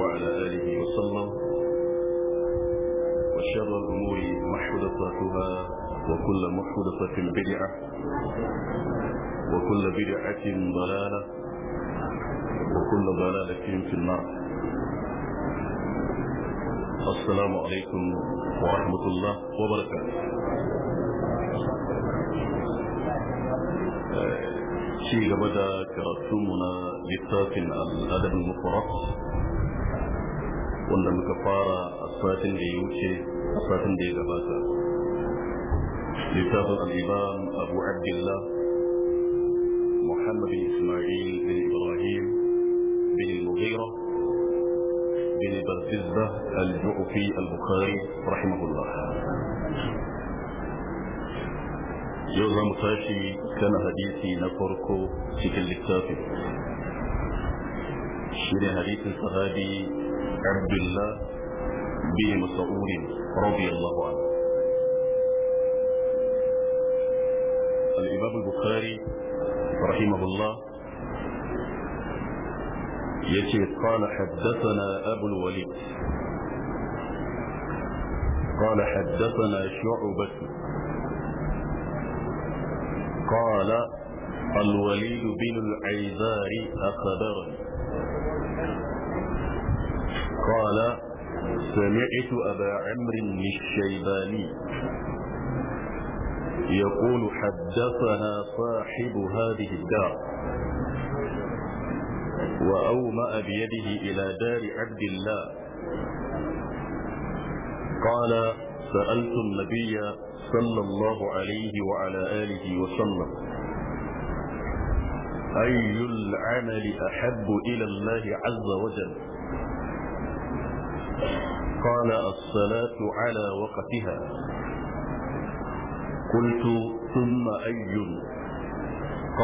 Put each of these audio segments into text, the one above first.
وعلى آله وسلم وشر الأمور محدثاتها وكل محدثة بدعة وكل بدعة ضلالة وكل ضلالة في النار السلام عليكم ورحمة الله وبركاته في قبل كرتمنا للتاكن الأدب المفرط wanda muka fara a satin da ya wuce a satin da ya gabata littafin al'imam abu abdullah muhammad bin ismail bin ibrahim bin mughira bin barzizza al-ju'fi al-bukhari rahimahullah yau za mu tashi kan hadisi na farko cikin littafin shi ne hadisin sahabi عبد الله بن مسعود رضي الله عنه الإمام البخاري رحمه الله يتي قال حدثنا أبو الوليد قال حدثنا شعبة قال الوليد بن العيزار أخبرني قال سمعت أبا عمرو الشيباني يقول حدثنا صاحب هذه الدار وأومأ بيده إلى دار عبد الله قال سألت النبي صلى الله عليه وعلى آله وسلم أي العمل أحب إلى الله عز وجل قال الصلاة على وقتها قلت ثم أي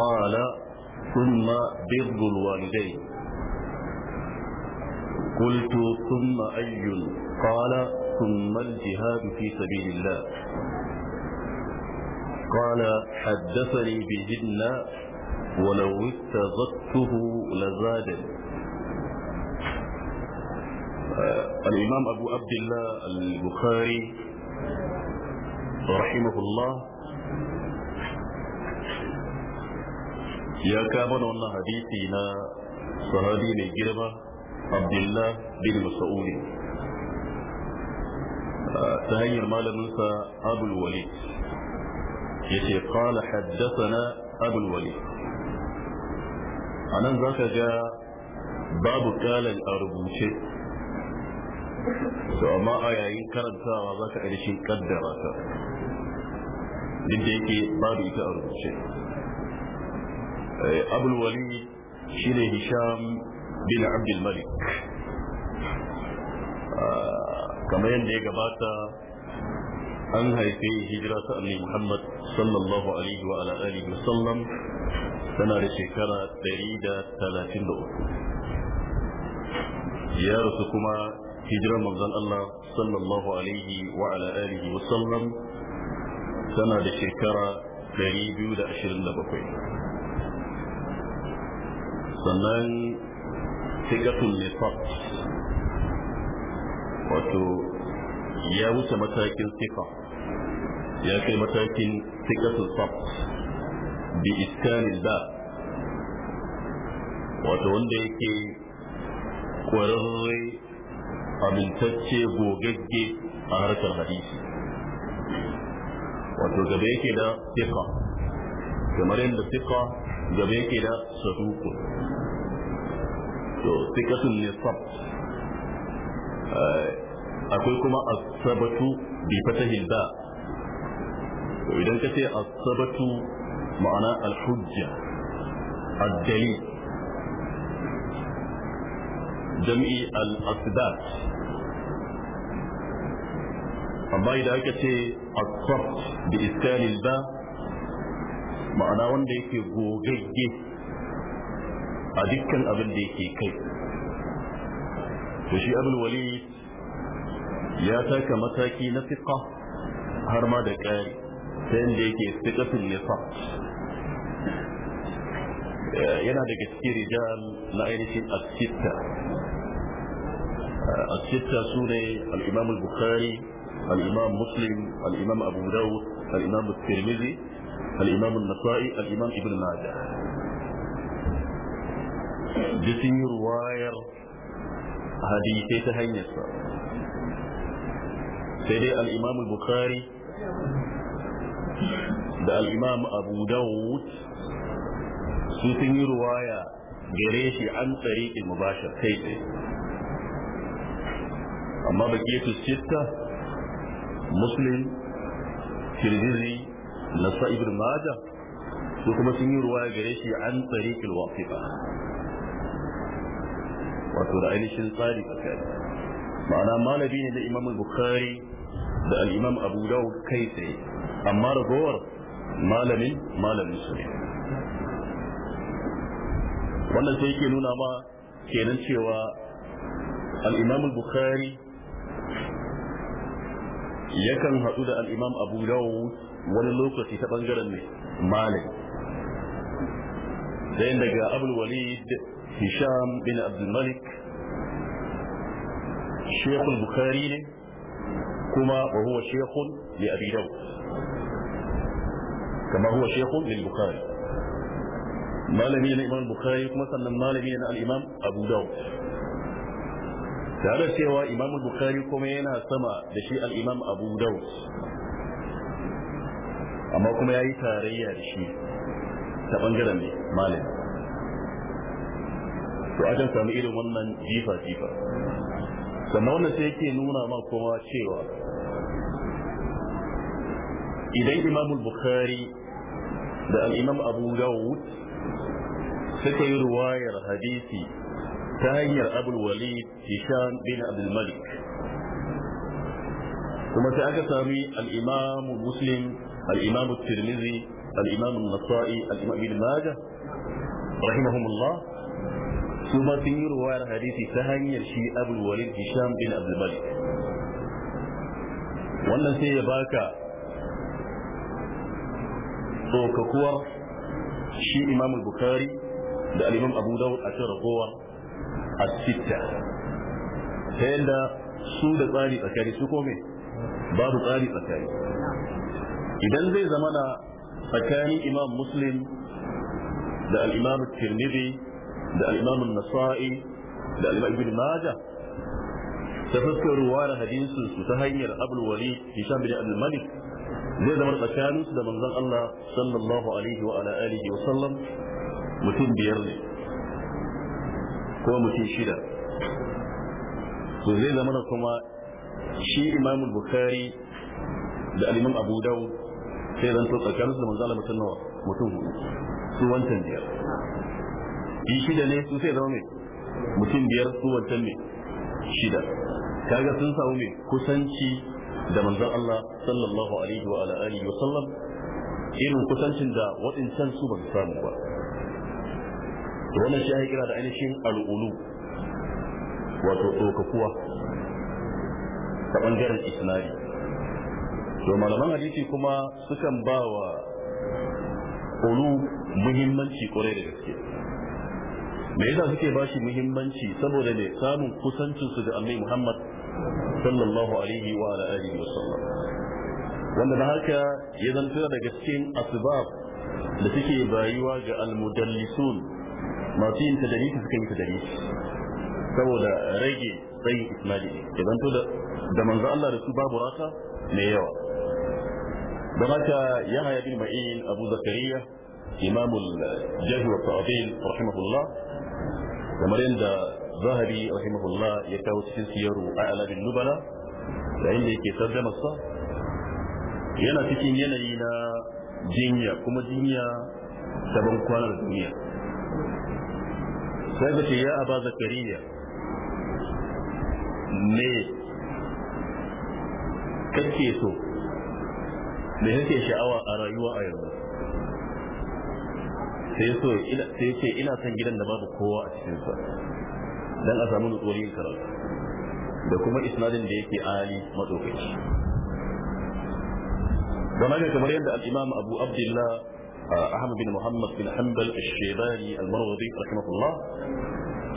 قال ثم بر الوالدين قلت ثم أي قال ثم الجهاد في سبيل الله قال حدثني بجنة ولو اتخذته لزادني آه، الإمام أبو عبد الله البخاري رحمه الله يا كامل والله حديثنا صحابي من جربة عبد الله بن مسعود آه، تهير المال موسى أبو الوليد يتي قال حدثنا أبو الوليد أنا ذاك جاء باب قال الأربوشي to amma a yayin karantawa za ka ƙarshen kaddara ta duk da yake babu ita a rubuce eh, abul wali ne hisham bin abdul malik ah, kamar yadda ya gabata an haife hijira ta annabi Muhammad sallallahu alaihi wa ala alihi wa sallam tana da shekara 133 ya rasu kuma hijirar manzon Allah sallallahu alaihi wa ala alihi wa sallam tana da shekara 227 sannan sigatun nifaq wato ya wuce matakin sifa ya kai matakin sigatun sabt bi iskanin da wato wanda yake kwararre amintacce gogagge a harkar hadisi wato gaba yake da tika kamar yadda tika gaba yake da saduku to tikatun ne sabt eh, akwai kuma asabatu bi fatahil ba to idan ka ce asabatu ma'ana al-hujja ad-dalil jam'i amma idan aka ce asfar da iskalin ba ma'ana wanda yake gogagge a dukkan abin da yake kai to shi abin wali ya taka mataki na fiqa har ma da ƙari ta yadda yake fiqatul nifaq yana daga cikin rijal na ainihin asitta asitta su ne al-imam al-bukhari الإمام مسلم الإمام أبو داود الإمام الترمذي الإمام النسائي الإمام ابن ماجه جسي رواير حديثي تهينسا سيدي الإمام البخاري ده الإمام أبو داود سيدي رواية جريشي عن طريق المباشر كيف أما بقية الستة muslim kirgizi na sa'ibin maja su kuma sun yi ruwa gare shi an tsari kilwafifa wato da ainihin tsari tsakani ma'ana malabi ne da imam bukhari da al'imam abu kai tsaye amma ragowar malamin malamin su wannan sai ke nuna ma kenan cewa al'imam bukhari yakan haɗu da al'imam abu dawud wani lokaci ta ɓangaren ne malami ɗayan daga abul walid hisham bin abdulmalik shekul bukari ne kuma wa huwa shekul li abi dawud kama huwa shekul lil bukari malami ne na imam bukari kuma sannan malami ne na al'imam abu dawud da cewa imam bukhari kuma yana sama da shi al abu daud amma kuma ya yi tarayya da shi ta bangaren ne malami to akan samu irin wannan jifa jifa sannan wannan sai yake nuna ma kuma cewa idan imam bukhari da al abu daud suka yi ruwayar hadisi ta hanyar abul walid hisham bin abdul malik kuma sai aka sami al'imamu muslim al'imamu imam al'imamu al-imam an-nasa'i al-imam rahimahumullah su ma sun yi ruwayar hadisi ta hanyar shi abul walid hisham bin abdul malik wannan sai ya baka tsokakuwar shi imam bukhari da al abu dawud a cikin ragowa a sitta ta yadda su da tsari tsakari su kome babu tsari tsakari idan zai zama na tsakanin imam muslim da al'imam tirmidhi da al'imam nasa'i da al'imam ibn majah ta fuskar ruwa da hadisin su ta hanyar abul wali hisham bin abdul malik zai zama tsakanin su da manzon Allah sallallahu alaihi wa ala alihi wa sallam mutum biyar ne ko mutum shida to zai zama da kuma shi imam bukhari da alimin abu dau sai zan to tsakanin da manzala mutum nawa mutum hudu su wancan biyar Bi shida ne su sai zama mai mutum biyar su wancan ne shida kaga sun samu mai kusanci da manzon Allah sallallahu alaihi wa alihi wa sallam irin kusancin da waɗancan su ba su samu ba wannan shi ake kira da ainihin al'ulu wato ɗaukakuwa ta ɓangaren isnadi to malaman hadisi kuma sukan ba wa ulu muhimmanci kwarai da gaske me yasa suke ba shi muhimmanci saboda ne samun kusancinsu da annabi Muhammad sallallahu alaihi wa alihi wa sallam wanda da haka ya zanto daga cikin asbab da suke bayuwa ga almudallisun masu yin tadarisi suka yi tadarisi saboda rage tsayin isnadi ya zanto da manzo Allah da su babu rata mai yawa da ya haya bin ma'in abu zakariya imamul jahl wa ta'dil rahimahullah kamar yadda zahari rahimahullah ya kawo cikin siyaru a aladin nubala da inda yake sarjama sa yana cikin yanayi na jinya kuma jinya ta ban kwanar duniya sai ka ce ya aba zakariya me kake so me kake sha'awa a rayuwa a yanzu sai so sai ce ina son gidan da babu kowa a cikinsa dan a samu nutsuwar yin karatu da kuma isnadin da yake ali matsokaici don ne kamar yadda al-imam abu abdullah Ahmad bin Muhammad bin Hanbal al-Shaybani al-Marwazi rahimahullah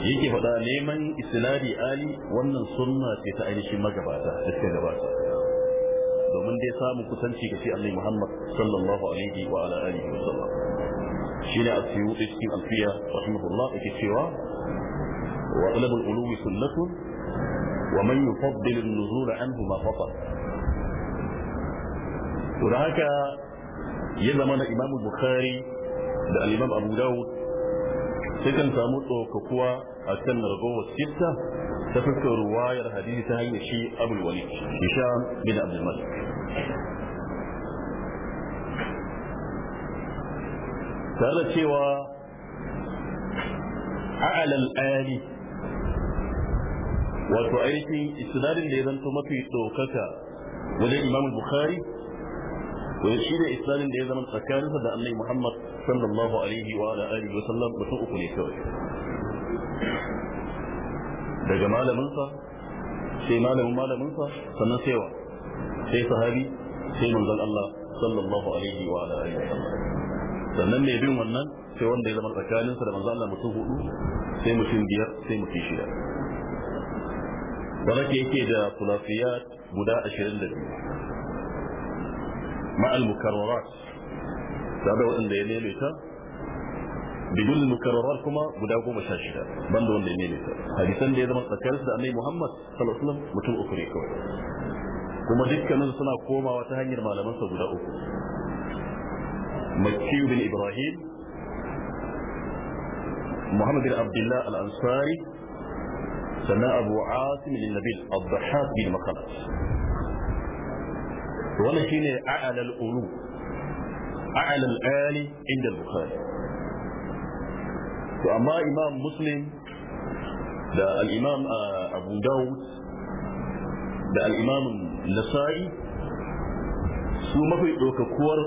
yake faɗa neman isnadi ali wannan sunna ce ta ainihin magabata da ta gabata domin dai samun kusanci ga shi Allah Muhammad sallallahu alaihi wa ala alihi wa sallam shine asyuti cikin alfiya rahimahullah yake cewa wa talabul ulumi sunnatun wa man yufaddil an-nuzul anhu ma fata to haka ya zama na imam bukhari da al-imam abu dawud sai kan samu tsokakuwa a kan ragowar sitta ta fuskar ruwayar hadisi ta hanyar shi abul wani hisham bin abdul malik tare cewa a'alal ali wato aikin isnadin da ya zanto mafi tsokaka wajen imam bukhari wani shi ne islamin da ya zama tsakaninsa da annabi muhammad sallallahu alaihi wa ala alihi wa sallam mutum uku ne kawai daga malaminsa sai malamin malaminsa sannan sai wa sai sahabi sai manzon Allah sallallahu alaihi wa ala alihi wa sallam sannan mai bin wannan sai wanda ya zama tsakaninsa da manzon Allah mutum hudu sai mutum biyar sai mutum shida wanda yake da kulafiyat guda ashirin da biyu مع المكررات هذا هو دي نيميتا بدون المكررات كما بداو كما شاشتا بندو ان دي نيميتا هذه سنة دي زمان تكالس دي محمد صلى الله عليه وسلم متو اخرى كوي كما جد كان سنة كوما وتهنجر ما لمنسا بداو اخرى مكيو بن ابراهيم محمد بن عبد الله الانصاري سنة ابو عاصم النبيل الضحاك بن مخلص wannan shine a'lal ulu a'lal ali inda bukhari to amma imam muslim da al-imam uh, abu dawud da al-imam nasa'i su mafi ɗaukakuwar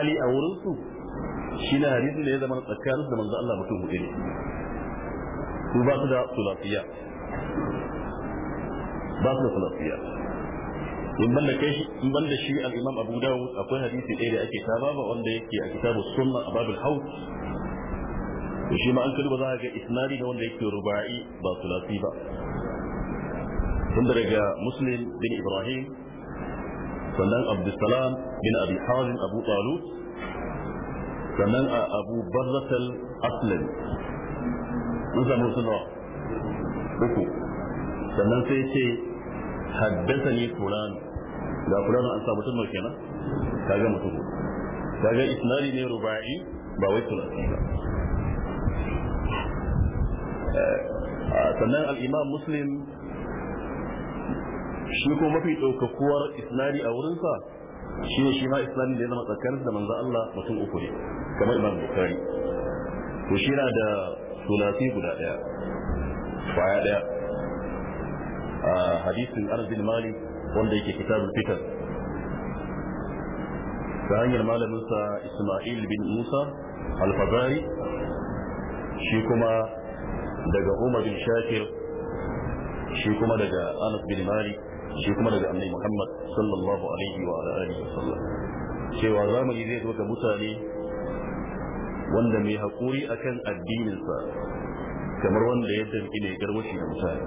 ali a wurinsu shi na hadisin da ya zama tsakanin da manzo Allah mutum hudu ne su ba su da sulafiya ba su da sulafiya in banda kai in banda shi al-Imam Abu Dawud akwai hadisi ɗaya da ake ba wanda yake a kitabu sunna a babul haus shi ma an kalli ba za ga isnadi da wanda yake rubai ba sulasi ba tun daga Muslim bin Ibrahim sannan Abdussalam bin Abi Hazim Abu Talib sannan a Abu Barrat al-Aslam mun samu sunawa uku sannan sai ce haddasa ni fulani ga fulano an samu mutum kenan ga mutum ga isnadi ne rubai ba wai sulasi ba eh, sannan al-imam muslim shi ko mafi ɗaukakuwar isnadi a wurinsa shi ne shi ma isnadi da ya zama tsakanin da manzo Allah mutum uku ne kamar imam bukhari to shi na da sulasi guda ɗaya kwaya ɗaya a hadisin arzin malik wanda yake kitabin fitan ta hanyar malaminsa Ismail bin Musa alfazari shi kuma daga Umar bin Shakir shi kuma daga Anas bin mali shi kuma daga Annabi Muhammad sallallahu alaihi wa alihi wasallam cewa zamani zai zo ga mutane wanda mai haƙuri akan addininsa kamar wanda ya danki ne garwashi da mutane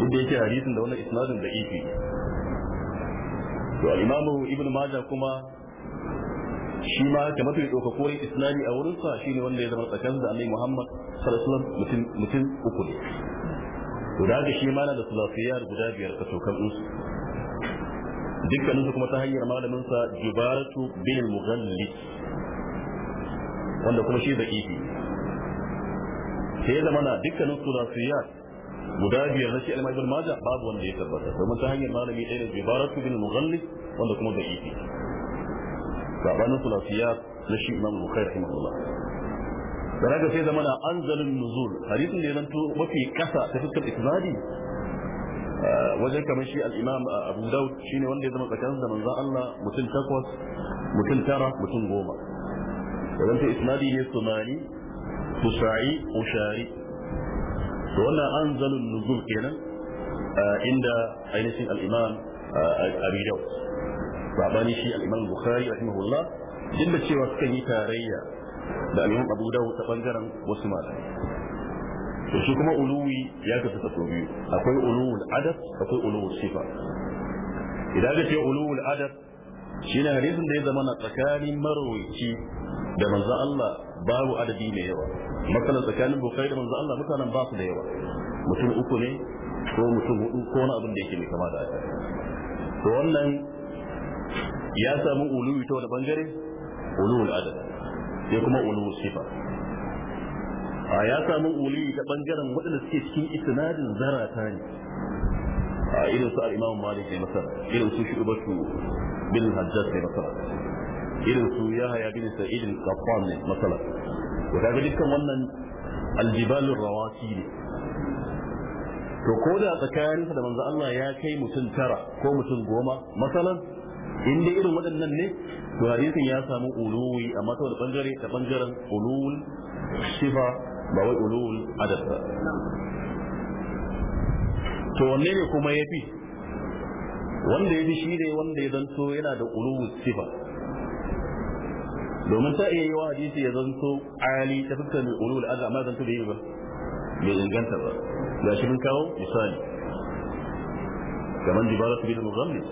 Inda yake hadisin da wannan isnadin da ifi to al-imamu ibnu majah kuma shi ma haka mafi ɗaukakuwar islami a wurin sa shine wanda ya zama tsakanin da annabi muhammad sallallahu alaihi mutum mutum uku ne guda da shi na da sulafiyar guda biyar ka tokan ɗinsu dukkaninsu kuma ta hanyar malamin sa jubaratu bin mughalli wanda kuma shi da ifi sai ya zama na dukkanin sulafiyar guda biyar na shi al ibn maja babu wanda ya tabbata domin ta hanyar malami ɗaya da ibaratu bin mughallis wanda kuma da ifi sabanin sulafiya na shi imam bukhari rahimahullah da raga sai zamana anzalun nuzul hadisin da ya zanto mafi kasa ta fuskar isnadi wajen kamar shi al-imam abu daud shine wanda ya zama tsakanin da manzo Allah mutum takwas mutum tara mutum goma da zanto isnadi ne sumani tusa'i ushari to wannan anzalun nuzul kenan ah, inda ainihin al-imam ah, abi daud babani shi al bukhari rahimahullah din cewa suka yi tarayya da al-imam ta bangaren wasu malamai kuma uluwi ya kasu ta biyu akwai uluwul adab akwai uluwul sifa idan adab shine hadisin da ya zama na tsakanin marwaci da manzo Allah babu adadi mai yawa matsalar tsakanin bukhari da manzo Allah mutanen ba su da yawa mutum uku ne ko mutum hudu ko wani abin da yake mai kama da haka to wannan ya samu uluwi ta wani bangare uluwul adad sai kuma uluwul sifa a ya samu uluwi ta bangaren waɗanda suke cikin isnadin zarata ne a irin su al-imam malik ne masara irin su shubatu bin hajjaj ne masara irin su ya haya bin sa'id al-qattan ne masala to kaga dukkan wannan aljibalu rawasi ne to ko da tsakaninsa da manzo Allah ya kai mutum tara ko mutum goma masalan in dai irin waɗannan ne to hadisin ya samu uluwi amma ta wani bangare ta bangaren ulul shifa ba wai ulul adad ba to wanne ne kuma ya fi wanda ya fi shi ne wanda ya zanto yana da ulul shifa? domin ta iya yi wa hadisi ya zanto ali ta fuskar ulul azza amma zanto bai ba bai inganta ba ga shi mun kawo misali kamar jibarat bin muzammin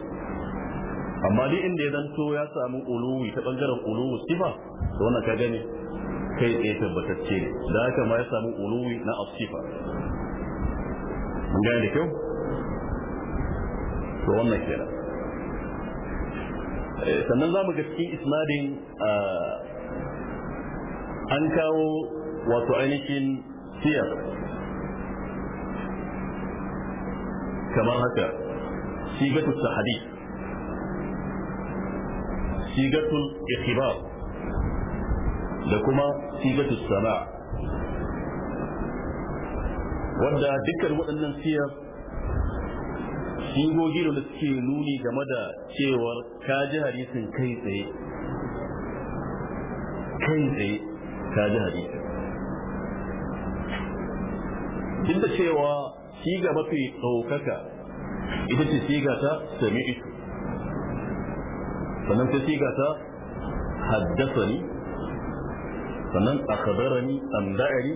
amma ni inda ya zanto ya samu uluwi ta bangaren uluwu sifa to wannan ka gani kai tsaye tabbatacce ne da haka ma ya samu uluwi na asifa Mun gane da kyau to wannan kenan sannan za mu ga cikin isnadin an kawo wato ainihin siyar kamar haka sigatu sahadi sigatu ikhbar da kuma sigatu sana'a wanda dukkan waɗannan siyar sigogi da suke nuni game da cewar ka ji hadisin kai tsaye kai tsaye ka ji hadisin duk da cewa siga mafi ɗaukaka ita ce siga ta sami isu sannan ta siga ta haddasani sannan akadarani an da'ari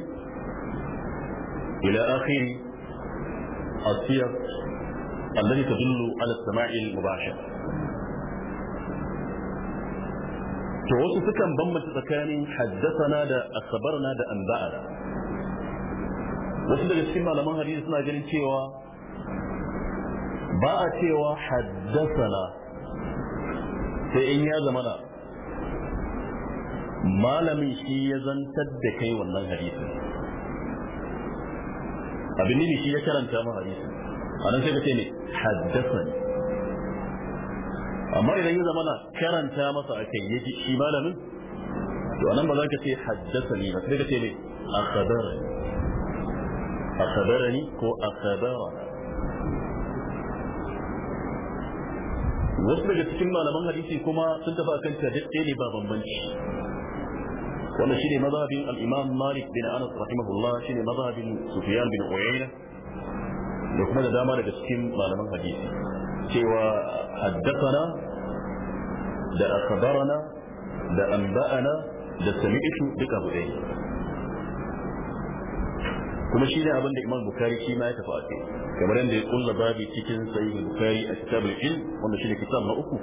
ila akhiri asiyar الذي تدل على السماع المباشر to wasu sukan bambanta tsakanin haddasana da na da anba'ana wasu daga cikin malaman Hadiza suna ganin cewa ba'a cewa haddasana sai in ya zamana malamin shi ya zantar da kai wannan hadisi abin shi ya karanta ma hadisi anan sai ka ce ne haddasani amma idan ya zamana karanta masa a kai yaji shi malamin to anan ba za ka ce haddasani ba sai ka ce ne akhbarani akhbarani ko akhbarana wasu daga cikin malaman hadisi kuma sun tafi akan tadadde ne ba bambanci wannan shine mazhabin al-Imam Malik bin Anas rahimahullah shine mazhabin Sufyan bin Uyayna da kuma da dama daga cikin malaman hadisi cewa haddasana da akabarana da anba'ana da sami'atu duka abu ɗaya kuma shi ne abin da imam bukari shi ma ya tafi a kai kamar yadda ya kulla babi cikin sahih bukari a kitabul ilm wanda shi ne kitab na uku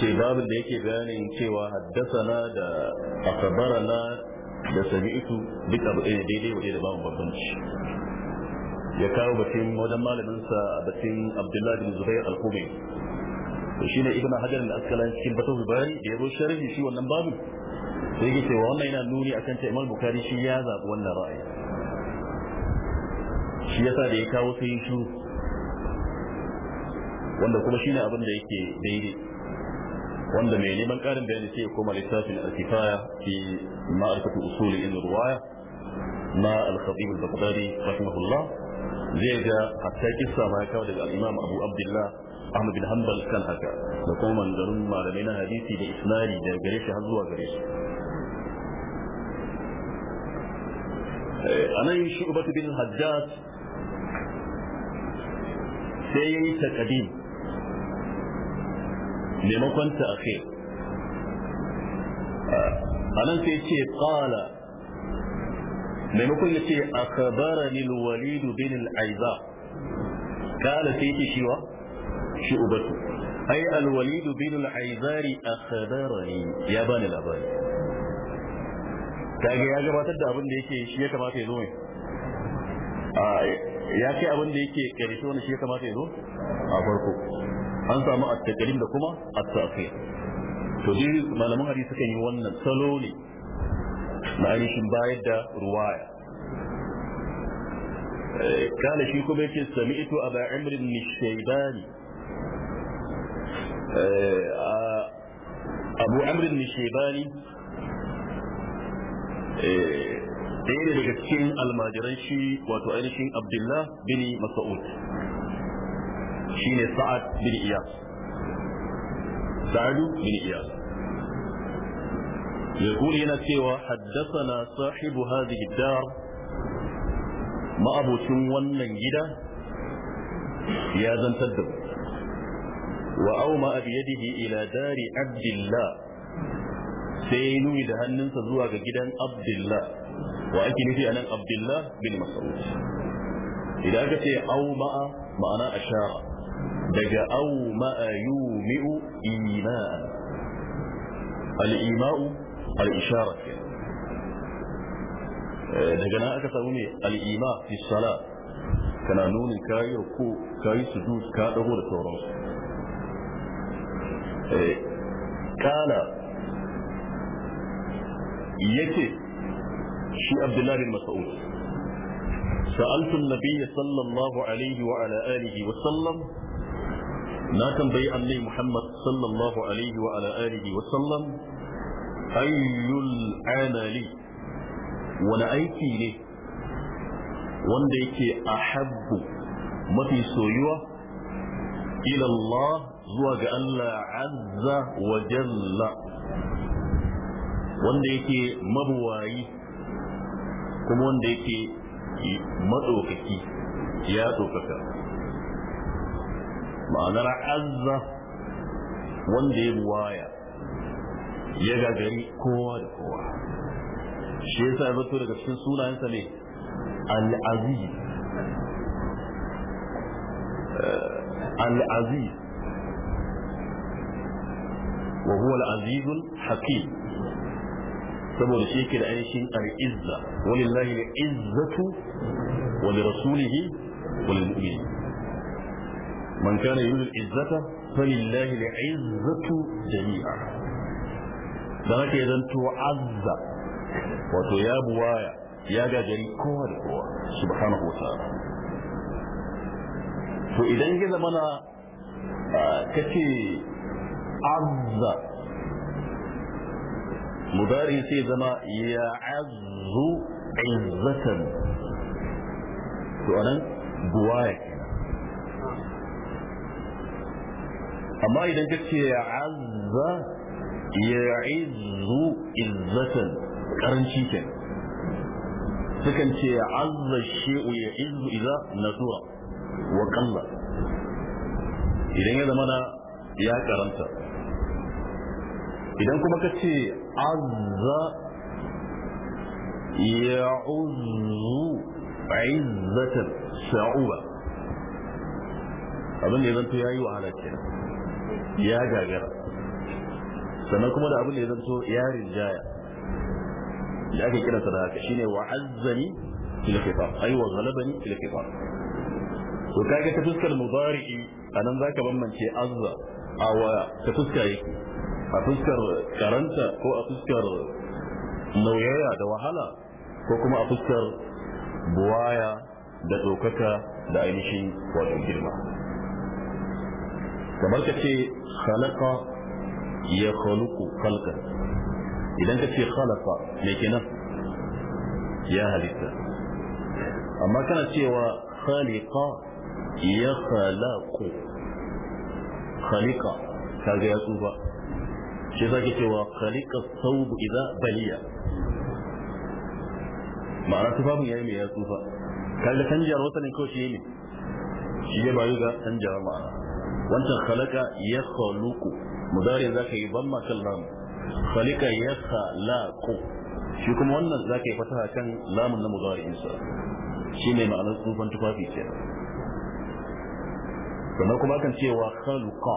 ce babin da yake bayanin cewa haddasana da akabarana da sami'atu duk abu ɗaya daidai wa da babu babbanci ya kawo batun wajen malaminsa a batun abdullahi bin zubair al-kubai to shine ibn hajar al-asqalani cikin fatul bari da yabo sharhi shi wannan babu sai yake cewa wannan yana nuni akan cewa imam bukhari shi ya zabi wannan ra'ayi shi yasa da ya kawo sai shi wanda kuma shine abin da yake daidai wanda mai neman karin bayani sai ya koma littafin al-kifaya fi ma'rifatu usuli in ruwaya ma al-khatib al-baghdadi rahimahullah zai ga hatta kissa ma ya kawo daga al-Imam Abu Abdullah Ahmad bin Hanbal kan haka da kuma manzarun malamai na hadisi da isnadi da gare shi har zuwa gare shi anan shu'batu bin Hajjaj sai yayi taqdim maimakon ta akhir anan sai ce qala maimakon ya ce a kabarani luwali bin al'aiza kala sai ke shiwa shi ubatu ai alwalidu bin al'aizari a kabarani ya bani labari ta ga ya gabatar da abin da yake shi ya kamata ya zo mai ya ce abin da yake karshe wani shi ya kamata ya zo a farko an samu at da kuma a tafiya to dai malaman hadisi kan yi wannan salo ne na ainihin bayar da ruwaya kana shi kuma yake sami'tu a ba'irin nishaidani abu amrin nishaidani ɗaya ne daga cikin almajiran shi wato ainihin abdullah bin mas'ud shi ne sa'ad bin iyas sa'adu bin iyas يقول هنا سوى حدثنا صاحب هذه الدار ما أبو تنوان جدا يا زن تدب وأومأ بيده إلى دار عبد الله sai nuni da hannunsa zuwa ga gidan abdullah wa ake nufi a nan abdullah bin mas'ud idan aka ce au ma'ana ashara daga au ma'a الإشارة دقنا آه، أكثروني الإيماء في الصلاة كان نون كاي ركو كاي سجود كاي دغور التورانس كان يتي شي عبد الله بن مسعود سألت النبي صلى الله عليه وعلى آله وسلم ما كان بي محمد صلى الله عليه وعلى آله وسلم ayyul amali wani aiki ne wanda yake ahabbu mafi soyuwa ila zuwa ga Allah azza wa jalla wanda yake mabuwayi kuma wanda yake maɗaukaki ya ɗaukaka ma'anar azza wanda ya buwaya ya gagari kowa da kowa shi yasa ya zato daga cikin sunayensa ne al'aziz al'aziz wa huwa al'azizul hakim saboda shi yake da ainihin al'izza walillahi al'izzatu wa li rasulih wa lil mu'minin man kana yuridu al'izzata falillahi al'izzatu jami'a don haka ya zanto azza wato ya buwaya ya gagari kowa da kowa su subhanahu wa ta'ala to idan ya zama na kace azza mudari sai zama ya azzu izzatan to anan buwaya amma idan kace ya azza ya'izzu izzatan karanci ke sukan ce ya azza ya izzu iza nasura wa kalla idan ya zama ya karanta idan kuma ka ce azza ya uzzu izzatan sa'uba abin da ya gagara sannan kuma da abin da ya zanto yarin jaya da ake kira sa da haka shine wa azzani fil khitab ay wa ghalabani fil khitab to kage ta fuskar mudari'i anan zaka bambance azza a wa ta fuska yake a fuskar karanta ko a fuskar nauyaya da wahala ko kuma a fuskar buwaya da ɗaukaka da ainihin wato girma kamar ka ce khalaqa ya khaluqu khalqan idan ka ce khalaqa me kenan ya halitta amma kana cewa khaliqa ya khalaqu khaliqa kaga ya tsufa shi zaki cewa khaliqa thawb idza baliya ma'ana tufafin yayi me ya tsufa kaga canjiyar wata ne kawai shi ne shi ya bayu ga canjiyar ma'ana wancan khalaqa ya khaluqu mudari za ka yi ban makal lam falika yasa laqu shi kuma wannan za ka yi fataha kan lamun na mudari insa shi ne ma'anar tsufan tufafi ce. sannan kuma akan cewa khaluqa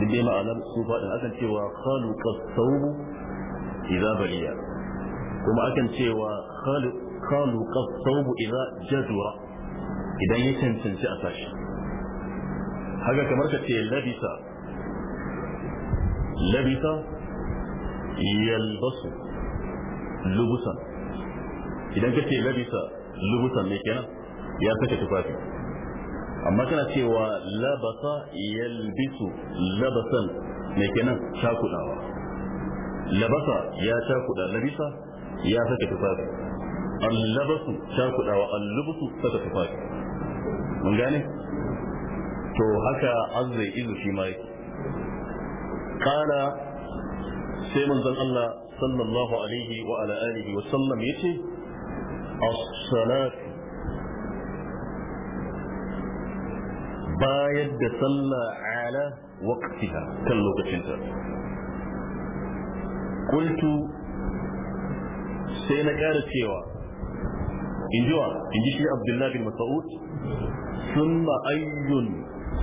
duk dai ma'anar tsufa din akan cewa khaluqa thawbu idza baliya kuma akan cewa khaluqa thawbu idza jadura idan ya cancanci a sashi haka kamar ka ce labisa labisa yalbasu lubusan idan ya saka tufafi amma kana cewa labasa yalbisu labasan ne kenan cakudawa labasa ya cakuda labisa ya saka tufafi allabasu cakudawa allubusu saka tufafi mun gane to haka azza izu shi kana sai manzon Allah sallallahu alaihi wa ala alihi wa sallam yace as-salat bayar da sallah ala waqtiha kan lokacinta Kultu sai na ƙara cewa in ji wa in ji shi abdullahi bin mas'ud sun ayyun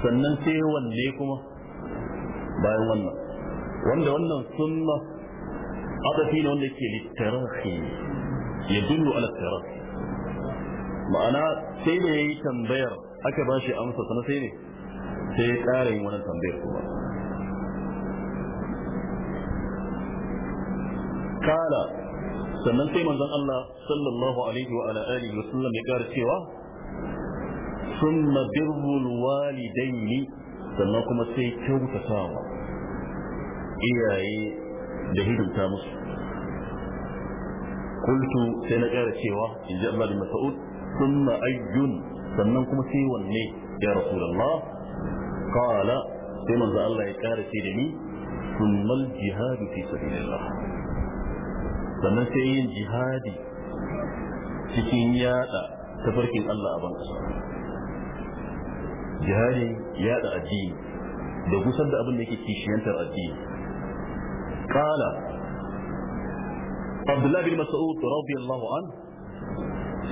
sannan sai wanne kuma bayan wannan wanda wannan sunna adafi ne wanda yake littarafi ya dullu ala tarafi ma'ana sai da yi tambayar aka ba shi amsa sana sai ne sai ya ƙara yin wannan tambayar kuma kala sannan sai manzon Allah sallallahu alaihi wa ala alihi wa sallam ya ƙara cewa summa birrul walidaini sannan kuma sai kyautatawa iyaye da hidimta musu kultu sai na ƙara cewa in ji Allah da Masa'ud sun ayyun sannan kuma sai wanne ya Rasulullah qala sai manzo Allah ya ƙara ce da ni thumma al-jihad fi sabilillah sannan sai yin jihadi cikin yada tafarkin Allah a banka jihadi yada addini da gusar da abin da yake kishiyantar addini قال عبد الله بن مسعود رضي الله عنه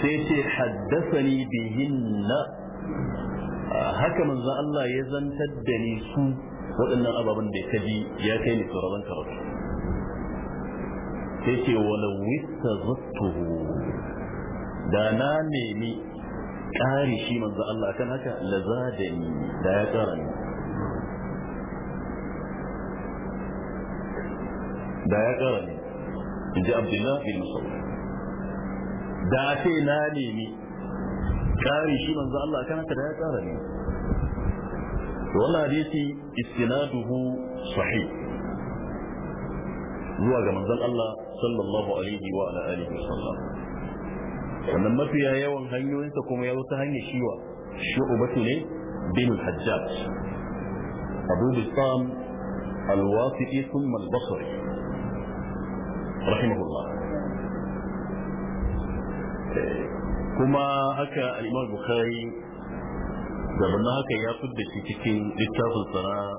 سيتي حدثني بهن haka manzo Allah ya zantar da ni su waɗannan ababen da ka ji ya kai ni tsoron karatu sai ce walau wista zattuhu da na nemi ƙari shi manzo Allah akan haka lazadani da ya ƙara ni da ya kara ne in ji abdullah bin musaw da a ce na nemi kari shi manzo Allah kan haka da ya kara ne wannan hadisi istinaduhu sahih zuwa ga manzon Allah sallallahu alaihi wa ala alihi wasallam wannan mafiya yawan hanyoyinsa kuma ya wuta hanyar shiwa shu'ubatu ne bin al-hajjaj abu bisam al-wasiqi thumma al-basri رحمه الله كما أكا الإمام البخاري زبنا هكا يأخذ بشيتكين لكتاب الصلاة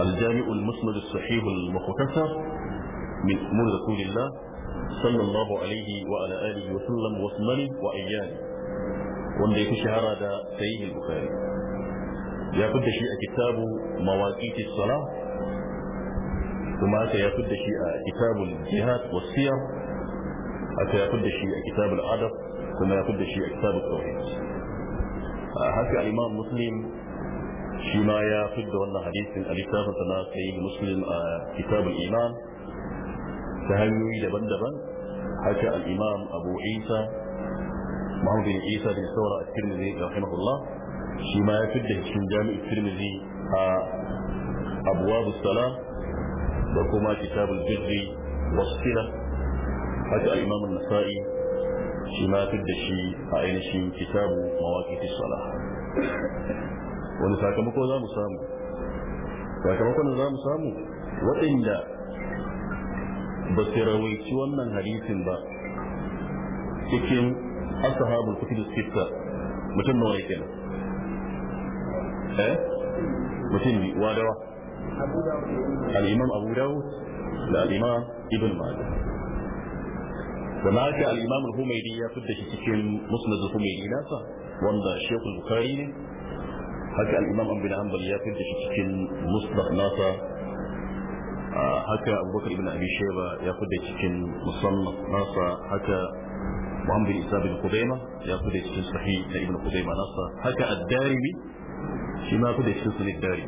الجامع المسند الصحيح المختصر من أمور رسول الله صلى الله عليه وعلى آله وسلم وسلم وأيام وندي في شهر هذا سيد البخاري يأخذ بشيء كتاب مواقيت الصلاة kuma aka ya da shi a kitabul jihad wasiya aka ya da shi a kitabul adab kuma ya da shi a kitabul tauhid haka imam muslim shi ma ya da wannan hadisin a littafin sana sai muslim a kitabul iman ta hanyoyi daban-daban haka al-imam abu isa muhammad bin isa bin saura a tirmidhi rahimahullah shi ma ya da shi jami'in tirmidhi a abwabu salam da kuma kitabul birri wasila haka al-imam an-nasa'i shi ma da shi a ainihin kitabu mawaqiti sala. wani sakamako za mu samu sakamakon za mu samu waɗanda ba su rawaici wannan hadisin ba cikin ashabul kutub sitta mutum nawa yake nan eh mutum ne wadawa al-imam abu dawud da al-imam ibn majah da haka al-imam al ya fitta shi cikin musnad al-humaydi nasa wanda shaykh al ne haka al-imam abu hanbal ya fitta shi haka abubakar ibn ya cikin haka وعن بن إسلام بن قديمة يأخذ اسم صحيح لابن قديمة نصر هكا الدارمي فيما أخذ اسم الدارمي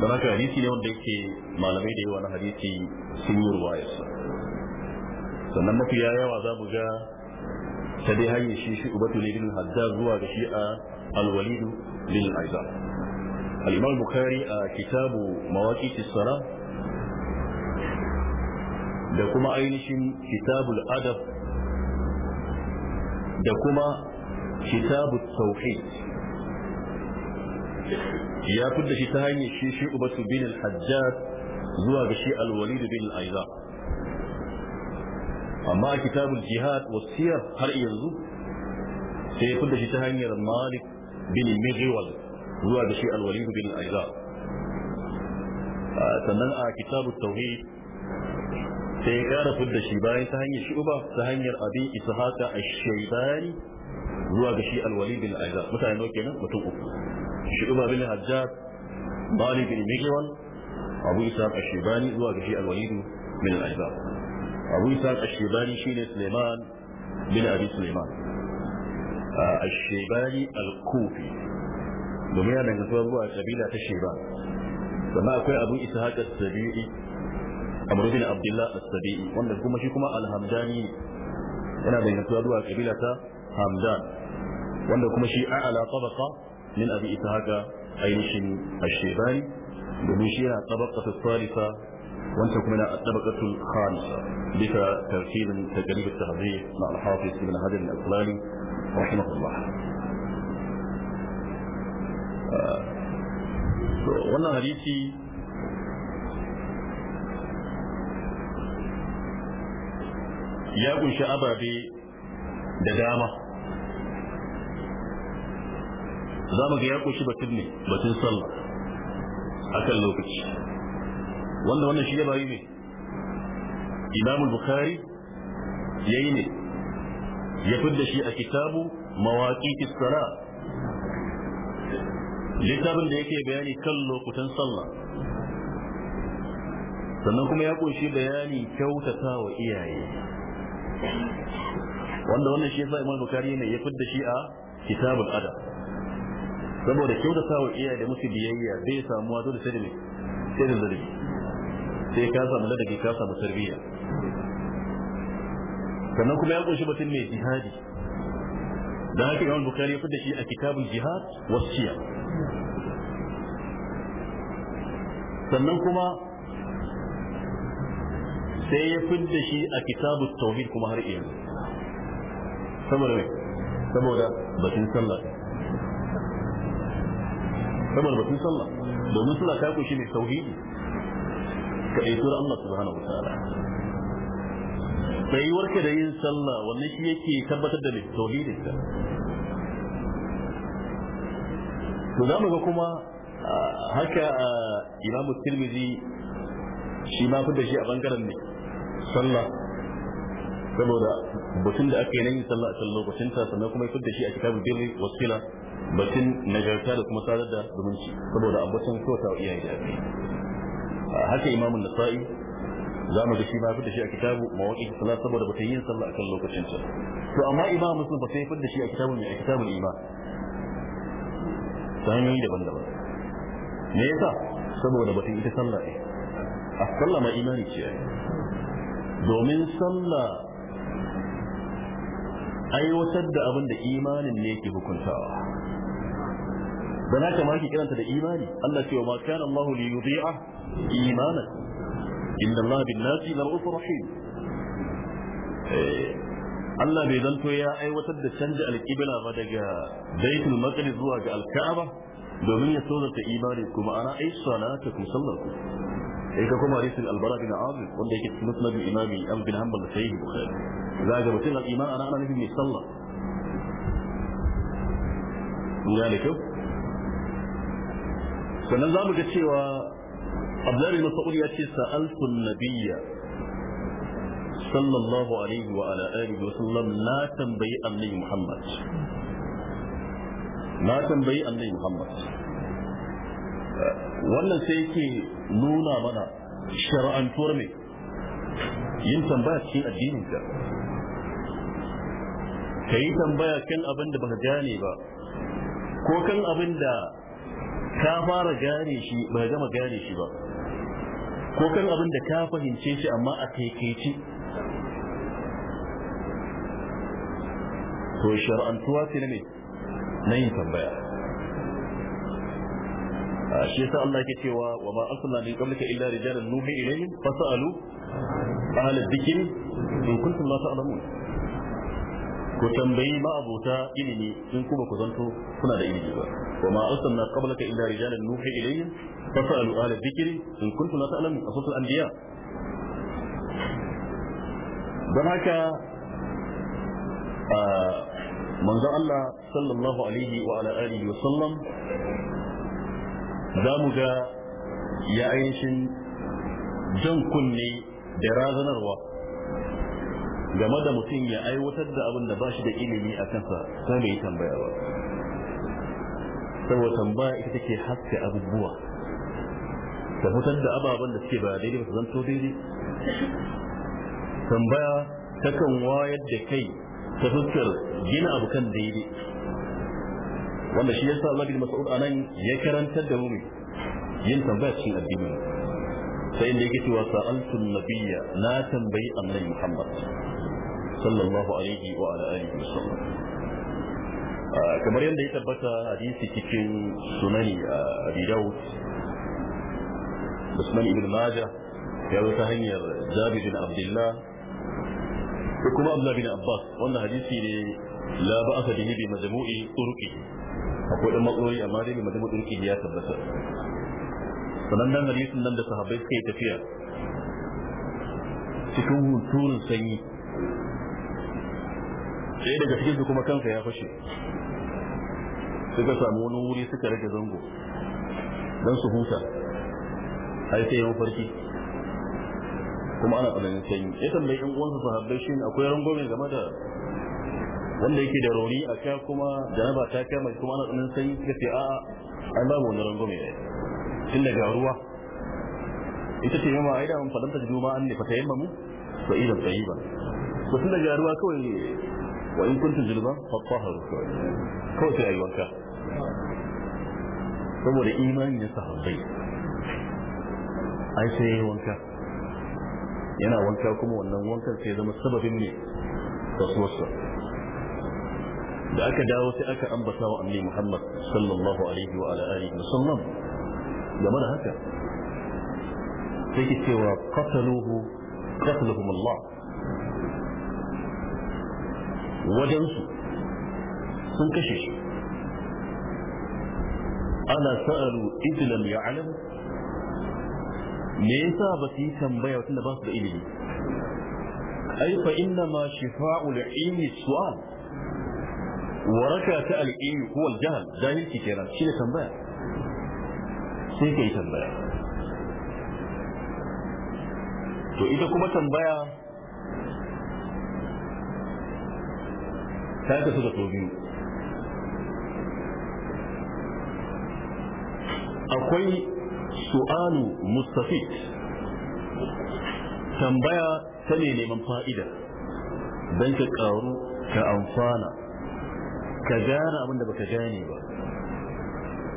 don haka hadisi ne wanda yake malamai da yawa na hadisi sun yi ruwayarsa sannan mafiya yawa za mu ga ta dai hanyar shi shi ubatu ne bin hadda zuwa ga shi a alwalidu bin aiza al-imam bukhari a kitabu mawaqiti sara da kuma ainihin kitabul adab da kuma kitabu tauhid يا كل شيء تاني شيء شيء أبوس بين الحجات زوا بشيء الوليد بين الأيضا أما كتاب الجهاد والسير هل ينزو شيء كل شيء تاني المالك بين المغول زوا بشيء الوليد بين الأيضا آه، سنن آه، كتاب التوحيد sai ya kara fudda shi bayan ta hanyar shi uba ta hanyar abin isa haka a shi shu'ba bin hajjaj bali bin mihwan abu isa ashibani zuwa ga shi alwalidu min al-ahbab abu isa ashibani shine sulaiman bin abi sulaiman ashibani al-kufi domin yana dangantuwa zuwa kabila ta shiba sannan akwai abu isa haka sabi'i amr bin abdullah as-sabi'i wanda kuma shi kuma al-hamdani yana dangantuwa zuwa kabila ta hamdan wanda kuma shi a'ala tabaqa من أبي إسحاق عيش الشيباني ومن الطبقة الثالثة وانت كمنا الطبقة الخامسة بك ترتيب تجريب التهذيب مع الحافظ ابن حجر الأسلالي رحمه الله آه، وانا هريتي يا ابن شعبة بدامه za mu ga ya koshi batun ne batun sallah akan lokaci wanda wannan shi ya bayi ne imam bukhari yi ne ya fidda shi a kitabu Mawaƙi Kistara. littafin da yake bayani kan lokutan sallah sannan kuma ya kunshi bayani kyautata wa iyaye wanda wannan shi ya sa imam bukhari ne ya fidda shi a kitabun adab saboda kyautata wa iyaye da musu biyayya bai samuwa dole sai da sai da zargi sai ka samu ladabi ka samu tarbiyya sannan kuma ya kunshi batun mai jihadi da haka yawan bukari ya fi da shi a kitabul jihad wasiya sannan kuma sai ya fi da shi a kitabu tauhid kuma har iya saboda mai saboda batun sallah saboda batun sallah domin suna ta kunshi ne tauhidi ka ɗai tura Allah subhanahu wa ta'ala sai warke da yin sallah wanne shi yake tabbatar da tauhidin ka to mu ga kuma haka Imam Tirmidhi shi ma fi da shi a bangaren ne sallah saboda batun da aka yi nan yin sallah a can lokacin ta sannan kuma ya fi da shi a kitabul birri wasila batun nagarta da kuma sadar da zumunci saboda ambaton kyauta wa iyaye da ake haka imamu nasa'i za mu ga shi ma fi da shi a kitabu mawaƙi sallah saboda batun yin sallah akan lokacin sa to amma imamu muslim ba sai fi da shi a kitabu mai a kitabun iman ta hanyoyi daban-daban me yasa saboda batun ita sallah ne a sallah ma imani ce domin sallah aiwatar da abin da imanin ne ke hukuntawa dan haka ma yake kiranta da imani Allah ce wa ma kana Allah li yudhi'a imanan inna Allah bin nasi la ra'ufur rahim Allah bai zanto ya aiwatar da canja alqibla ba daga baitul maqdis zuwa ga alka'aba domin ya ta imani kuma ana ai salata salatakum sallarku sai ka kuma hadisin albara bin azim wanda yake cikin musnad imami an bin hanbal sai bukhari za ga mutum al-iman ana ana nufin mai sallah mun gane kyau sannan za mu ga cewa abdullahi bin mas'ud ya ce sa'altu nabiyya sallallahu alaihi wa ala alihi wa sallam na tambayi annabi muhammad na tambayi annabi muhammad wannan sai yake nuna mana shar'antuwar mai yin tambaya cikin addinin ka ka yi tambaya kan abin da baka gane ba ko kan abin da ka fara gane shi ba gama gane shi ba ko kan abin da ka fahimce shi amma a kaikaici to shar'antuwa ce ne na yin tambaya shi yasa Allah ke cewa wa ma arsalna min qablika illa rijalan nuhi ilayhim fasalu ahla dhikri in kuntum la ta'lamun ku tambayi ma'abota ilimi in kuma ku zanto kuna da ilimi ba wa ma arsalna qablaka illa rijalan nuhi ilayhim fasalu ala zikiri in na la ta'lamun asatul anbiya dan haka manzo Allah sallallahu alaihi wa ala alihi wa sallam za mu ga ya ainihin jan kunne da razanarwa game da mutum ya aiwatar da abin da ba shi da ilimi a kansa sai bai yi tambaya ba saboda tambaya ita take haske abubuwa ta fitar da ababen da suke ba daidai ba su zanto daidai tambaya takan wayar da kai ta fuskar gina abu kan daidai wanda shi yasa Allah bin a nan ya karantar da mu yin tambaya cikin addini sai inda yake cewa sa'altu nabiyya na tambayi annabi Muhammad sallallahu alaihi wa ala alihi wasallam ah, kamar yadda ya tabbata hadisi cikin sunani ah, Abi Dawud da Ibn Majah ya zo ta hanyar Jabir bin Abdullah ko kuma Abdullah bin Abbas wannan hadisi ne la ba'asa bihi bi majmu'i turqi akwai dan matsaloli amma dai bi majmu'i turqi ya tabbata sanannen hadisin nan da sahabbai suka yi tafiya cikin hunturun sanyi sai daga cikin su kuma kansa ya fashe suka samu wani wuri suka rage zango don su huta har sai yawan farki kuma ana tsananin sanyi ya tambayi yan uwansa sahabbai shi akwai rangwame game da wanda yake da rauni a sha kuma janaba ta kama kuma ana tsananin sanyi suka ce a'a an mu wani rangwame ne tun daga ruwa ita ce yamma aida mun fadanta juma an ne fata yamma mu wa idan tayyiba ko tun daga ruwa kawai wa in kuntum julba fa tahharu kawai sai ayi wanka saboda imani na sahabbai ai sai yayi wanka yana wanka kuma wannan wankan sai zama sababin ne rasuwarsa da aka dawo sai aka ambata wa annabi Muhammad sallallahu alaihi wa alihi wa sallam game da haka sai ki cewa qataluhu qataluhum Allah wajen su sun kashe shi ana sa'alu ya ya'lam me yasa ba su yi tambaya tunda ba su da ilimi ai fa inna ma shifa'ul ilmi su'al waraka ta al-ilmi huwa al-jahl jahilci kenan shi ne tambaya sai ka yi tambaya to ita kuma tambaya ta tafi da biyu akwai su'alu mustafid tambaya ta ne neman fa'ida don ka ƙaru ka amfana ka gane abin da baka gane ba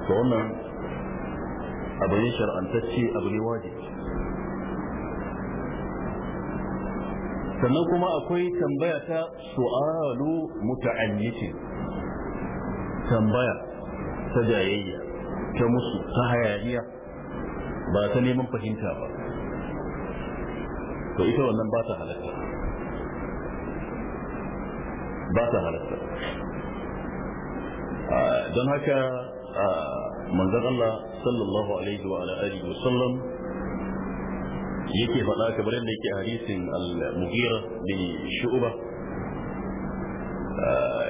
wannan abu ne shar'antacce abu ne wajibi sannan kuma akwai tambaya ta su'alu muta'alliki tambaya ta jayayya ta musu ta hayaniya ba ta neman fahimta ba to ita wannan ba ta halatta ba ta halatta ah, don haka ah, manzan Allah sallallahu alaihi wa ala alihi wa sallam yake faɗa kamar yadda yake hadisin al-mughira bin shu'ba ah,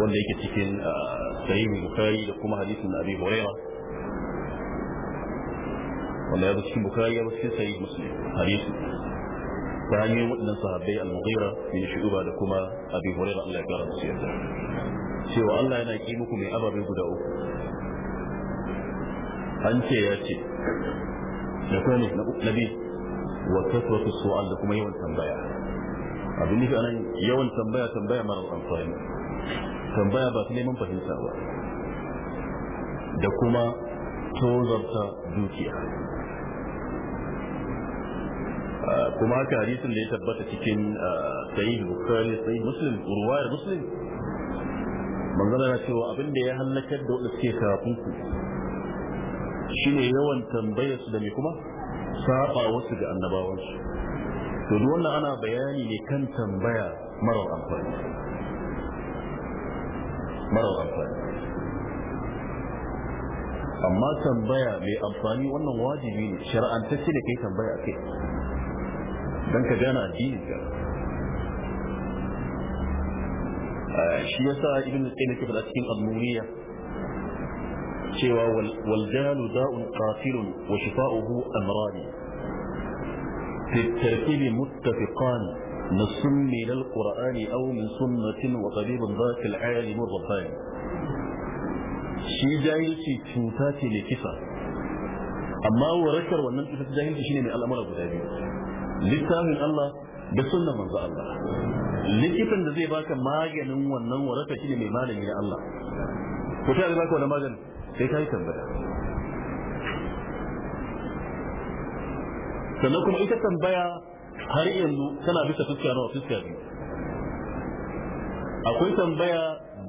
wanda yake cikin ah, sahih bukhari da kuma hadisin abi hurairah wanda ya cikin bukhari ya cikin sahih muslim hadisin ta hanyoyin waɗannan sahabbai al-mughira bin shu'ba da kuma abi hurairah Allah ya kara musu yarda cewa Allah yana ki muku mai ababe guda uku an ce ya ce da kuma na biyu wa kasratu su'al da kuma yawan tambaya abin nufi anan yawan tambaya tambaya mara amfani tambaya ba su neman fahimta ba da kuma tozarta dukiya ah, kuma haka hadisin da ya tabbata cikin ah, sahih bukhari sahih muslim ruwayar muslim manzana na cewa abin da ya halakar da wanda suke kafin shine yawan tambayar su da me kuma saba wasu ga annabawansu to duk wannan ana bayani ne kan tambaya marar amfani marar amfani amma tambaya mai amfani wannan wajibi ne ce da kai tambaya kai don ka gane addinin ka shi yasa ibn Taymiyyah ke faɗa cikin al cewa waljalu da'un qatilun wa shifa'uhu amrani fi tarkibi muttafiqan nassun min alqur'ani aw min sunnatin wa tabibun dhaka al-alim ar-rabbani shi jahilci cuta ce ne kisa amma warakar wannan cutar jahilci shine mai al'amura guda biyu littafin Allah da sunnan manzo Allah likitan da zai baka maganin wannan waraka shine mai malami na Allah ko ta baka wannan maganin sai ka yi tambaya sannan kuma ita tambaya har yanzu tana bisa fuska nawa fuska biyu akwai tambaya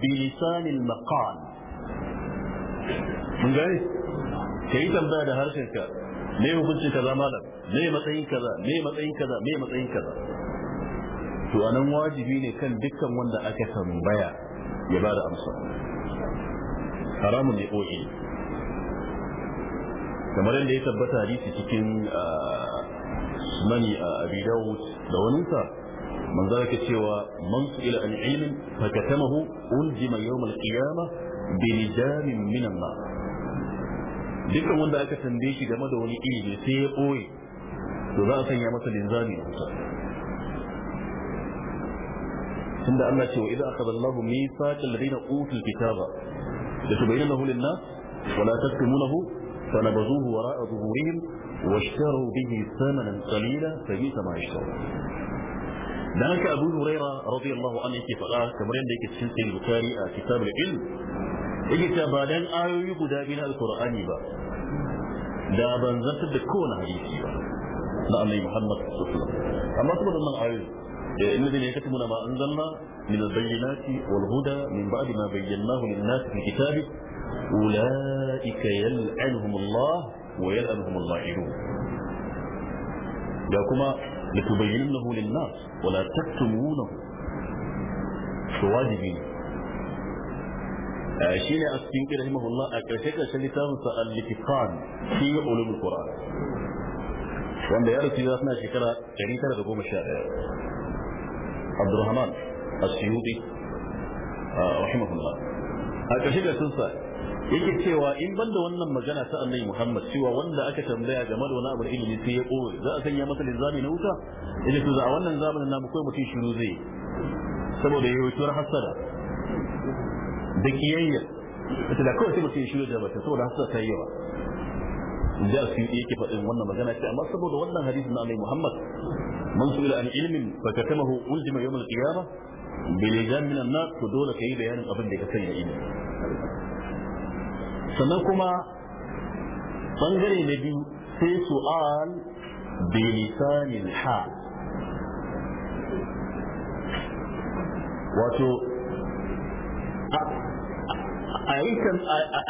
bilisanil maqal mun gane ka yi tambaya da harshen ka me hukuncin kaza malam me matsayin kaza me matsayin kaza me matsayin kaza to anan wajibi ne kan dukkan wanda aka tambaya ya ba da amsa haramun ne koyi eh? kamar yadda ya tabbata hadisi cikin mani ah, a ah, abi da wani sa man zaka cewa man ila an fakatamahu uljima yawm al-qiyamah bi nijamin min an dukkan wanda aka tambaye shi game da wani ilimi sai ya koyi to za a sanya masa linzami a wuta tunda Allah ce wa idza akhadha Allahu mithaqal ladina utul kitaba لتبينه للناس ولا تكتمونه فنبذوه وراء ظهورهم واشتروا به ثمنا قليلا فبئس ما يشتروا ذلك ابو هريره رضي الله عنه يكي فقا كما يندى البخاري آه، كتاب العلم يكي تابا لن يبدا من القران با da ban zartar da kowane hadisi ba na annabi Muhammad sallallahu alaihi wasallam amma saboda nan ayoyi da inda ne ka tuna من البينات والهدى من بعد ما بيناه للناس في كتابه أولئك يلعنهم الله ويلعنهم اللاعنون يا لتبينه للناس ولا تكتمونه واجبين آه، شيء السيوطي رحمه الله أكرشك شلتان الاتقان في علوم القرآن وأن يرسل ذاتنا شكرا يعني الشارع عبد الرحمن السيوطي رحمه الله a ƙarshe da sun sa yake cewa in ban da wannan magana ta annabi Muhammad cewa wanda aka tambaya game da wani abu da ilimi sai ya koyi za a sanya masa linzami na wuta yace to za a wannan zamanin namu kai mutum shiru zai saboda yawaituwar hasada da kiyayya ita da kawai sai mutum shiru da mutum saboda hasada ta yawa da su yake faɗin wannan magana ce amma saboda wannan hadisin na annabi Muhammad man su'ila an ilmin fa katamahu uljima yawm al-qiyamah bilijan min annas to dole kai bayanin abin da ka sani da ilimi sannan kuma bangare na biyu sai su'al bilisanil hal wato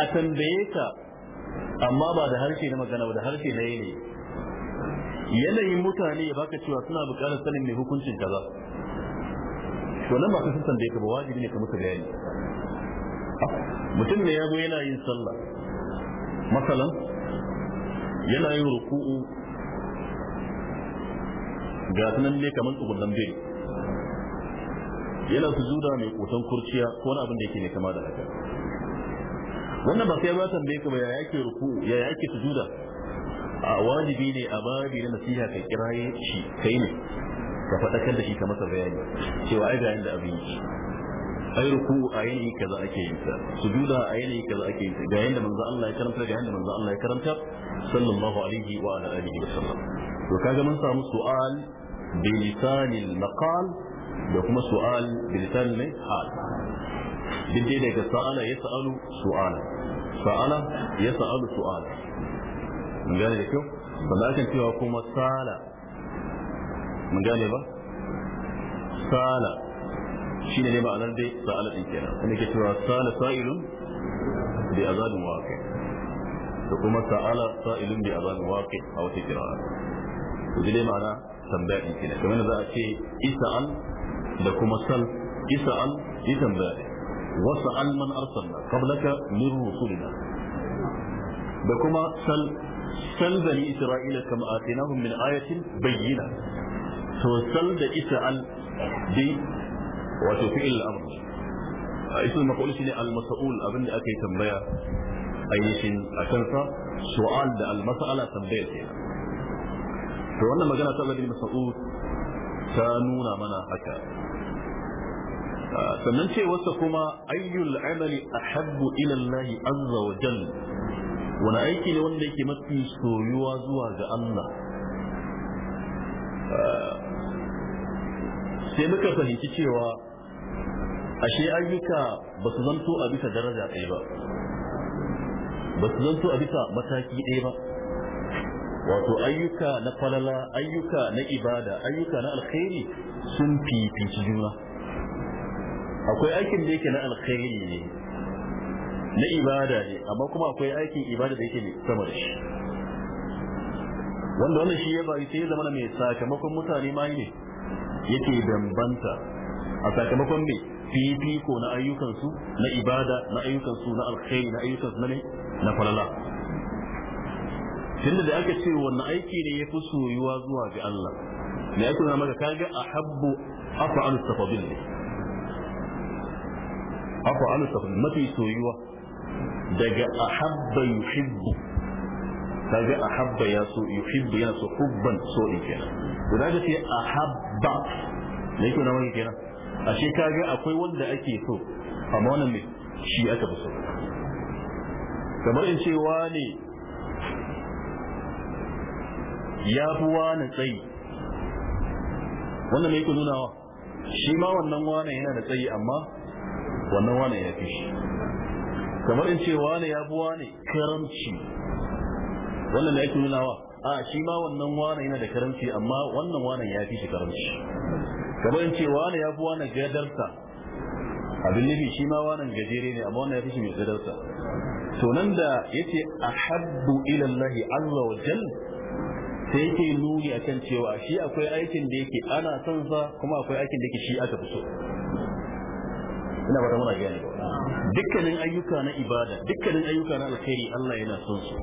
a tambaye ka amma ba da harshe na magana ba da harshe na yini yanayin mutane ya baka cewa suna bukatar sanin mai hukuncin kaza to nan ba san da ka ba wajibi ne ka musu bayani mutum ne ya zo yana yin sallah masalan yana yin ruku'u ga sunan ne kamar tsugunan bai yana su juda mai kotan kurciya ko wani abin da yake ne kama da haka wannan ba sai ba da ka ba ya yake ruku'u ya yake juda? a wajibi ne a babi na nasiha kai kiraye shi kai ne ka faɗakar da shi ka masa bayani cewa ai ga yanda abin yake ai ruku a yanayi kaza ake yi sa sujuda a yanayi kaza ake yi sa ga yanda manzo Allah ya karanta ga yanda manzo Allah ya karanta sallallahu alaihi wa ala alihi wa sallam to kaga mun samu su'al bi lisanil maqal da kuma su'al bi lisanil hal din dai daga sa'ala ya sa'alu su'ala sa'ala ya sa'alu su'ala mun gane da kyau ba za akan cewa kuma Sa'ala. mun gane ba sala shi ne ba anar dai sa'ala din kenan kuma ke cewa sala sa'ilun bi azabin waqi da kuma sa'ala sa'ilun bi azabin waqi a wata kira'a to dai ma'ana tambaya din kenan kamar za a ce isa'al da kuma sal isa'al yi tambaya wasa'al man arsalna qablaka min rusulina da kuma sal sal bani isra'ila kam atinahum min ayatin bayyina to sal da ita al di wato fi'il al-amr ismul maf'ul shine al-mas'ul abinda yi tambaya ainihin a kansa su'al da al-mas'ala tambayar ke to wannan magana ta Ibn ta nuna mana haka sannan ce wasa kuma ayyul amali ahabbu ila Allah azza wa jalla wani aiki ne wanda yake mafi soyuwa zuwa ga Allah sai muka fahimci cewa ashe ayyuka ba su zanto a bisa daraja ɗaya ba ba su zanto a bisa mataki ɗaya ba wato ayyuka na falala ayyuka na ibada ayyuka na alkhairi sun fifici juna akwai aikin da yake na alkhairi ne na ibada ne amma kuma akwai aikin ibada da yake sama da shi wanda wannan shi ya bari sai ya zama mai sakamakon mutane ma ne yake bambanta a sakamakon me fifiko na ayyukansu na ibada na ayyukansu na alkhairi na ayyukansu na ne na falala tunda da aka ce wannan aiki ne ya fi soyuwa zuwa ga Allah me ake nuna maka kaga a ahabbu afa an safabil ne afa an safabil mafi soyuwa daga a ahabba yuhibbu kaga ahabba ya so yuhibbu yana so hubban soin kenan to da ce habba me yake na wani kenan ka ga akwai wanda ake so amma wannan ne shi aka fi so kamar in ce wani ya fi wani tsayi wannan mai ku nunawa shi ma wannan wani yana da tsayi amma wannan wani ya fi shi kamar in ce wani ya fi wani karamci wannan da yake nunawa a shi ma wannan wane yana da karamci amma wannan wane ya fi shi karamci kamar in ce wane ya fi wane gadarsa abin nufi shi ma wane gajere ne amma wane ya fi shi mai gadarsa to nan da yace ahabbu ila Allah azza wa jal sai yake nuni akan cewa shi akwai aikin da yake ana son sa kuma akwai aikin da yake shi aka fi so ina ba ta muna gane dukkanin ayyuka na ibada dukkanin ayyuka na alkhairi Allah yana son su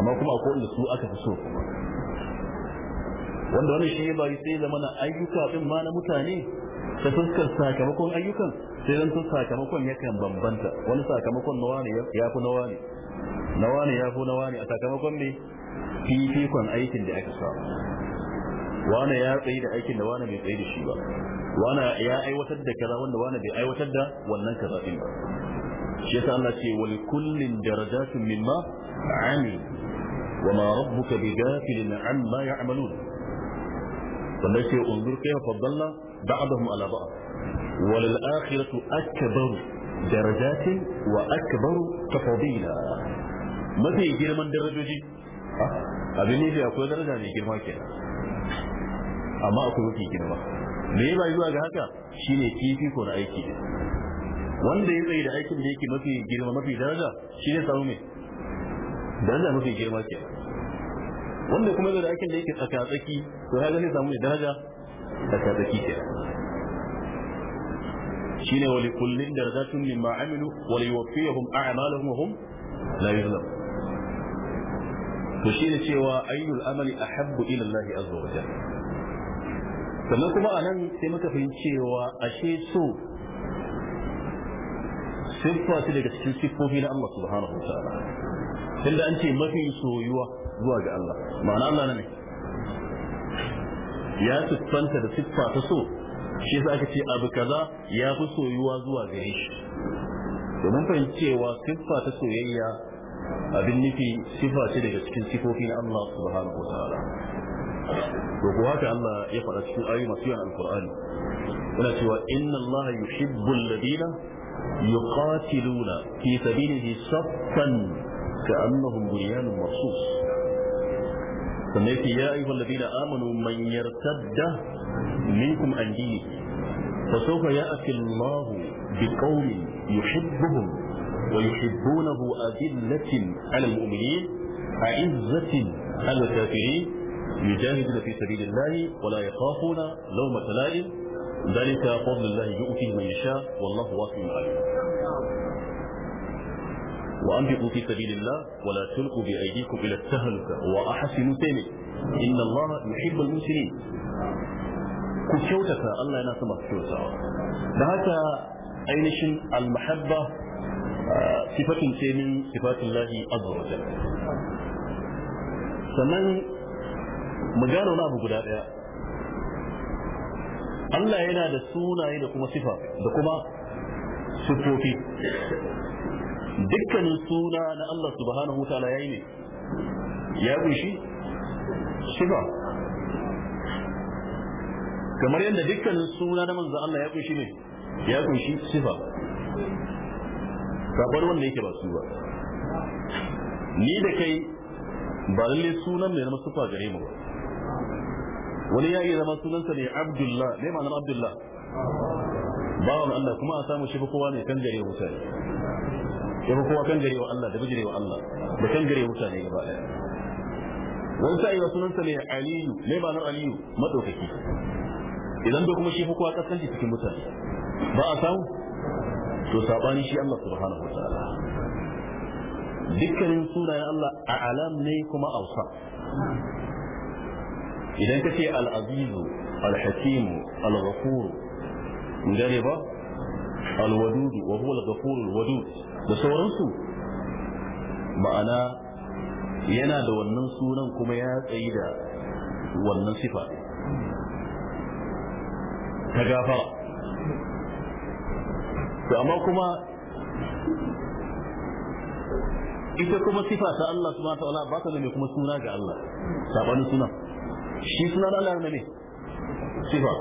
amma kuma ko wanda su aka fi so wanda wani shi ba sai zama na ayyuka din ma na mutane ta fuskar sakamakon ayyukan sai zan sakamakon yakan bambanta wani sakamakon na wani ya fi na wani na wani ya fi na wani a sakamakon ne fifikon aikin da aka samu wani ya tsaye da aikin da wani bai tsaye da shi ba wani ya aiwatar da kaza wanda wani bai aiwatar da wannan kaza din ba shi yasa Allah ce wal kullin darajatun mimma amil wa ma rabbuka bi ghafilin amma ya'malun sannan sai unzur kayfa faddalna ba'dahum ala ba'd wal akhiratu akbar darajatin wa akbar tafdila mafi girman darajoji ah, abin ne akwai daraja ne girma kenan amma akwai mafi girma me ba zuwa ga haka shine kifi ko na aiki wanda ya tsaye da aikin da yake mafi girma mafi daraja shi ne samu mai daraja mafi girma ke wanda kuma da aikin da yake tsaki to ya zai samu mai daraja tsaka tsaki ke shine wa likullin darajatun mimma amilu wa liwafiyahum a'malahum wa hum la yuzlam to shine cewa ayyul amali ahabbu ila Allah azza wa jalla sannan kuma anan sai muka fahimci cewa ashe so siffa ce daga cikin siffofi na Allah subhanahu wa ta'ala tunda an ce mafi soyuwa zuwa ga Allah ma'ana Allah ne ya siffanta da siffa ta so shi yasa aka ce abu kaza ya fi soyuwa zuwa gare shi domin fahimcewa siffa ta soyayya abin nufi siffa ce daga cikin sifofi na Allah subhanahu wa ta'ala to ko haka Allah ya faɗa cikin ayoyi masu yawan alqur'ani yana cewa inna Allah yuhibbul ladina يقاتلون في سبيله صفا كأنهم بنيان مرصوص سميت يا أيها الذين آمنوا من يرتد منكم عن دينه فسوف يأتي الله بقوم يحبهم ويحبونه أذلة على المؤمنين أعزة على الكافرين يجاهدون في سبيل الله ولا يخافون لومة لائم ذلك فضل الله يؤتيه من يشاء والله واسع عليم وأنفقوا في سبيل الله ولا تلقوا بأيديكم إلى التهلكة وأحسنوا تاني إن الله يحب المسلمين ku kyautata Allah yana sama kyautawa da haka ainihin almahabba sifatin ce min sifatin lahi azza sannan mu gano na abu guda daya Allah yana da sunaye da kuma sifa da kuma sifofi dukkanin suna na Allah subhanahu wa ta'ala yayi ne ya kunshi sifa kamar yadda dukkanin suna na manzo Allah ya kunshi ne ya kunshi sifa sabar wanda yake ba su ba ni da kai ba lalle sunan mai zama sifa gare mu ba wani ya iya zama sunansa ne abdullah ne ma'anar abdullah bawan Allah kuma a samu shi kowa ne kan gare mutane ya fi kowa kan gare wa Allah da bijire wa Allah da kan gare mutane gaba ɗaya wani sa'i wa sunansa ne aliyu ne ma'anar aliyu maɗaukaki idan da kuma shi fi kowa shi cikin mutane ba a samu to saɓani shi Allah subhanahu wa ta'ala dukkanin sunayen Allah a alam ne kuma ausa idan ka ce al'azizu al-hakimu al-ghafuru dare ba al-wadudu wa huwa al-ghafuru al-wadud da sauransu ma'ana yana da wannan sunan kuma ya tsayi da wannan sifa ta gafara to amma kuma ita kuma sifa ta Allah subhanahu wa ta'ala ba ta da kuma suna ga Allah sabanin sunan. shi sunan Allah ne ne sifa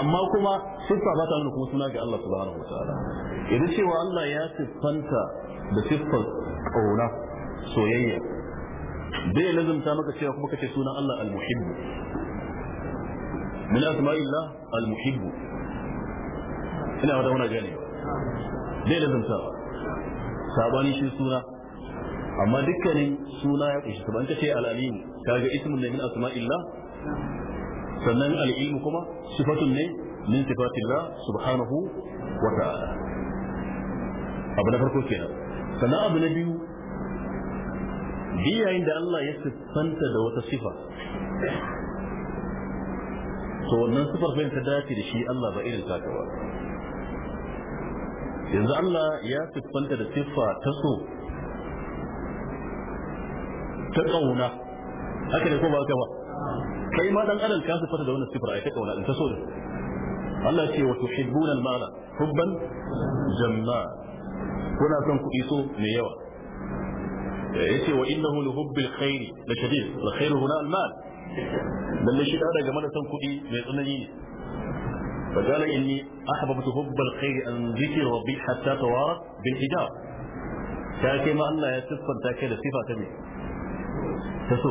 amma kuma siffa ba ta nuna kuma suna ga Allah subhanahu wataala idan cewa Allah ya siffanta da siffar kauna soyayya bai lazumta maka cewa kuma kace sunan Allah al-muhibb min asma'illah al-muhibb ina wata wani gane bai lazumta sabani shi suna amma dukkanin suna ya kunshi saban ka ce al ta ga ismun ne min asma'illah sannan al kuma sifatun ne min sifatillah subhanahu wa ta'ala abu na farko kenan sannan abu na biyu yayin da Allah ya siffanta da wata sifa to wannan sifar bai ta dace da shi Allah ba irin taka ba yanzu Allah ya siffanta da siffa ta so ta kauna haka ne ko ba ka ba kai ma dan adam ka sifata da wannan sifar ai ta kauna in ta so da Allah ce wa tuhibbuna al-mala hubban jamma kuna son kuɗi so mai yawa yace wa innahu li hubbil khairi la shadid al khairu huna al mal lalle shi da game da son kuɗi mai tsanani ne فقال إني أحببت حب الخير أن ذكر ربي حتى توارت بالحجاب ta kai ma Allah ya siffanta kai da sifa ta ne ta so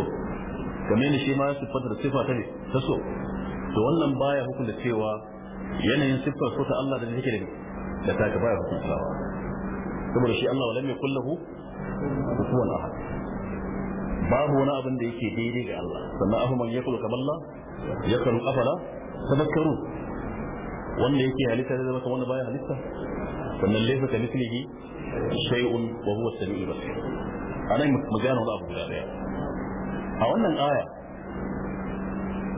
game da shi ma siffar sifa ta ne ta so to wannan baya hukunta cewa yanayin siffar so ta Allah da take da da ta ka baya hukuntawa saboda shi Allah walam yakul lahu kufuwan ahad babu wani abin da yake daidai ga Allah sannan ahu man yakul kamar Allah yakul afala tadakkaru wanda yake halitta zai zama wanda baya halitta sannan laysa kamithlihi shay'un wa huwa as-sami'ul basir a nan mu gane wani abu guda daya a wannan aya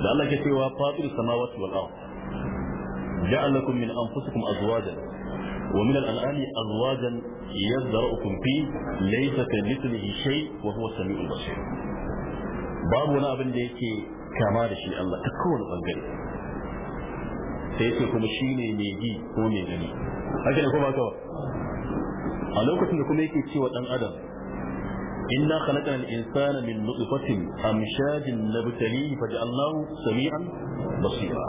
da Allah ke cewa fatir samawati wal ard ja'al lakum min anfusikum azwajan wa min al-an'ami azwajan yazda'ukum fi laysa kamithlihi shay wa huwa samiul basir babu wani abin da yake kama da shi Allah ta kowane bangare sai ce kuma shi ne mai ji ko mai gani haka ne kuma kawai a lokacin da kuma yake cewa dan adam inna khalaqna al-insana min nutfatin amshajin nabtalihi faj'alnahu sami'an basira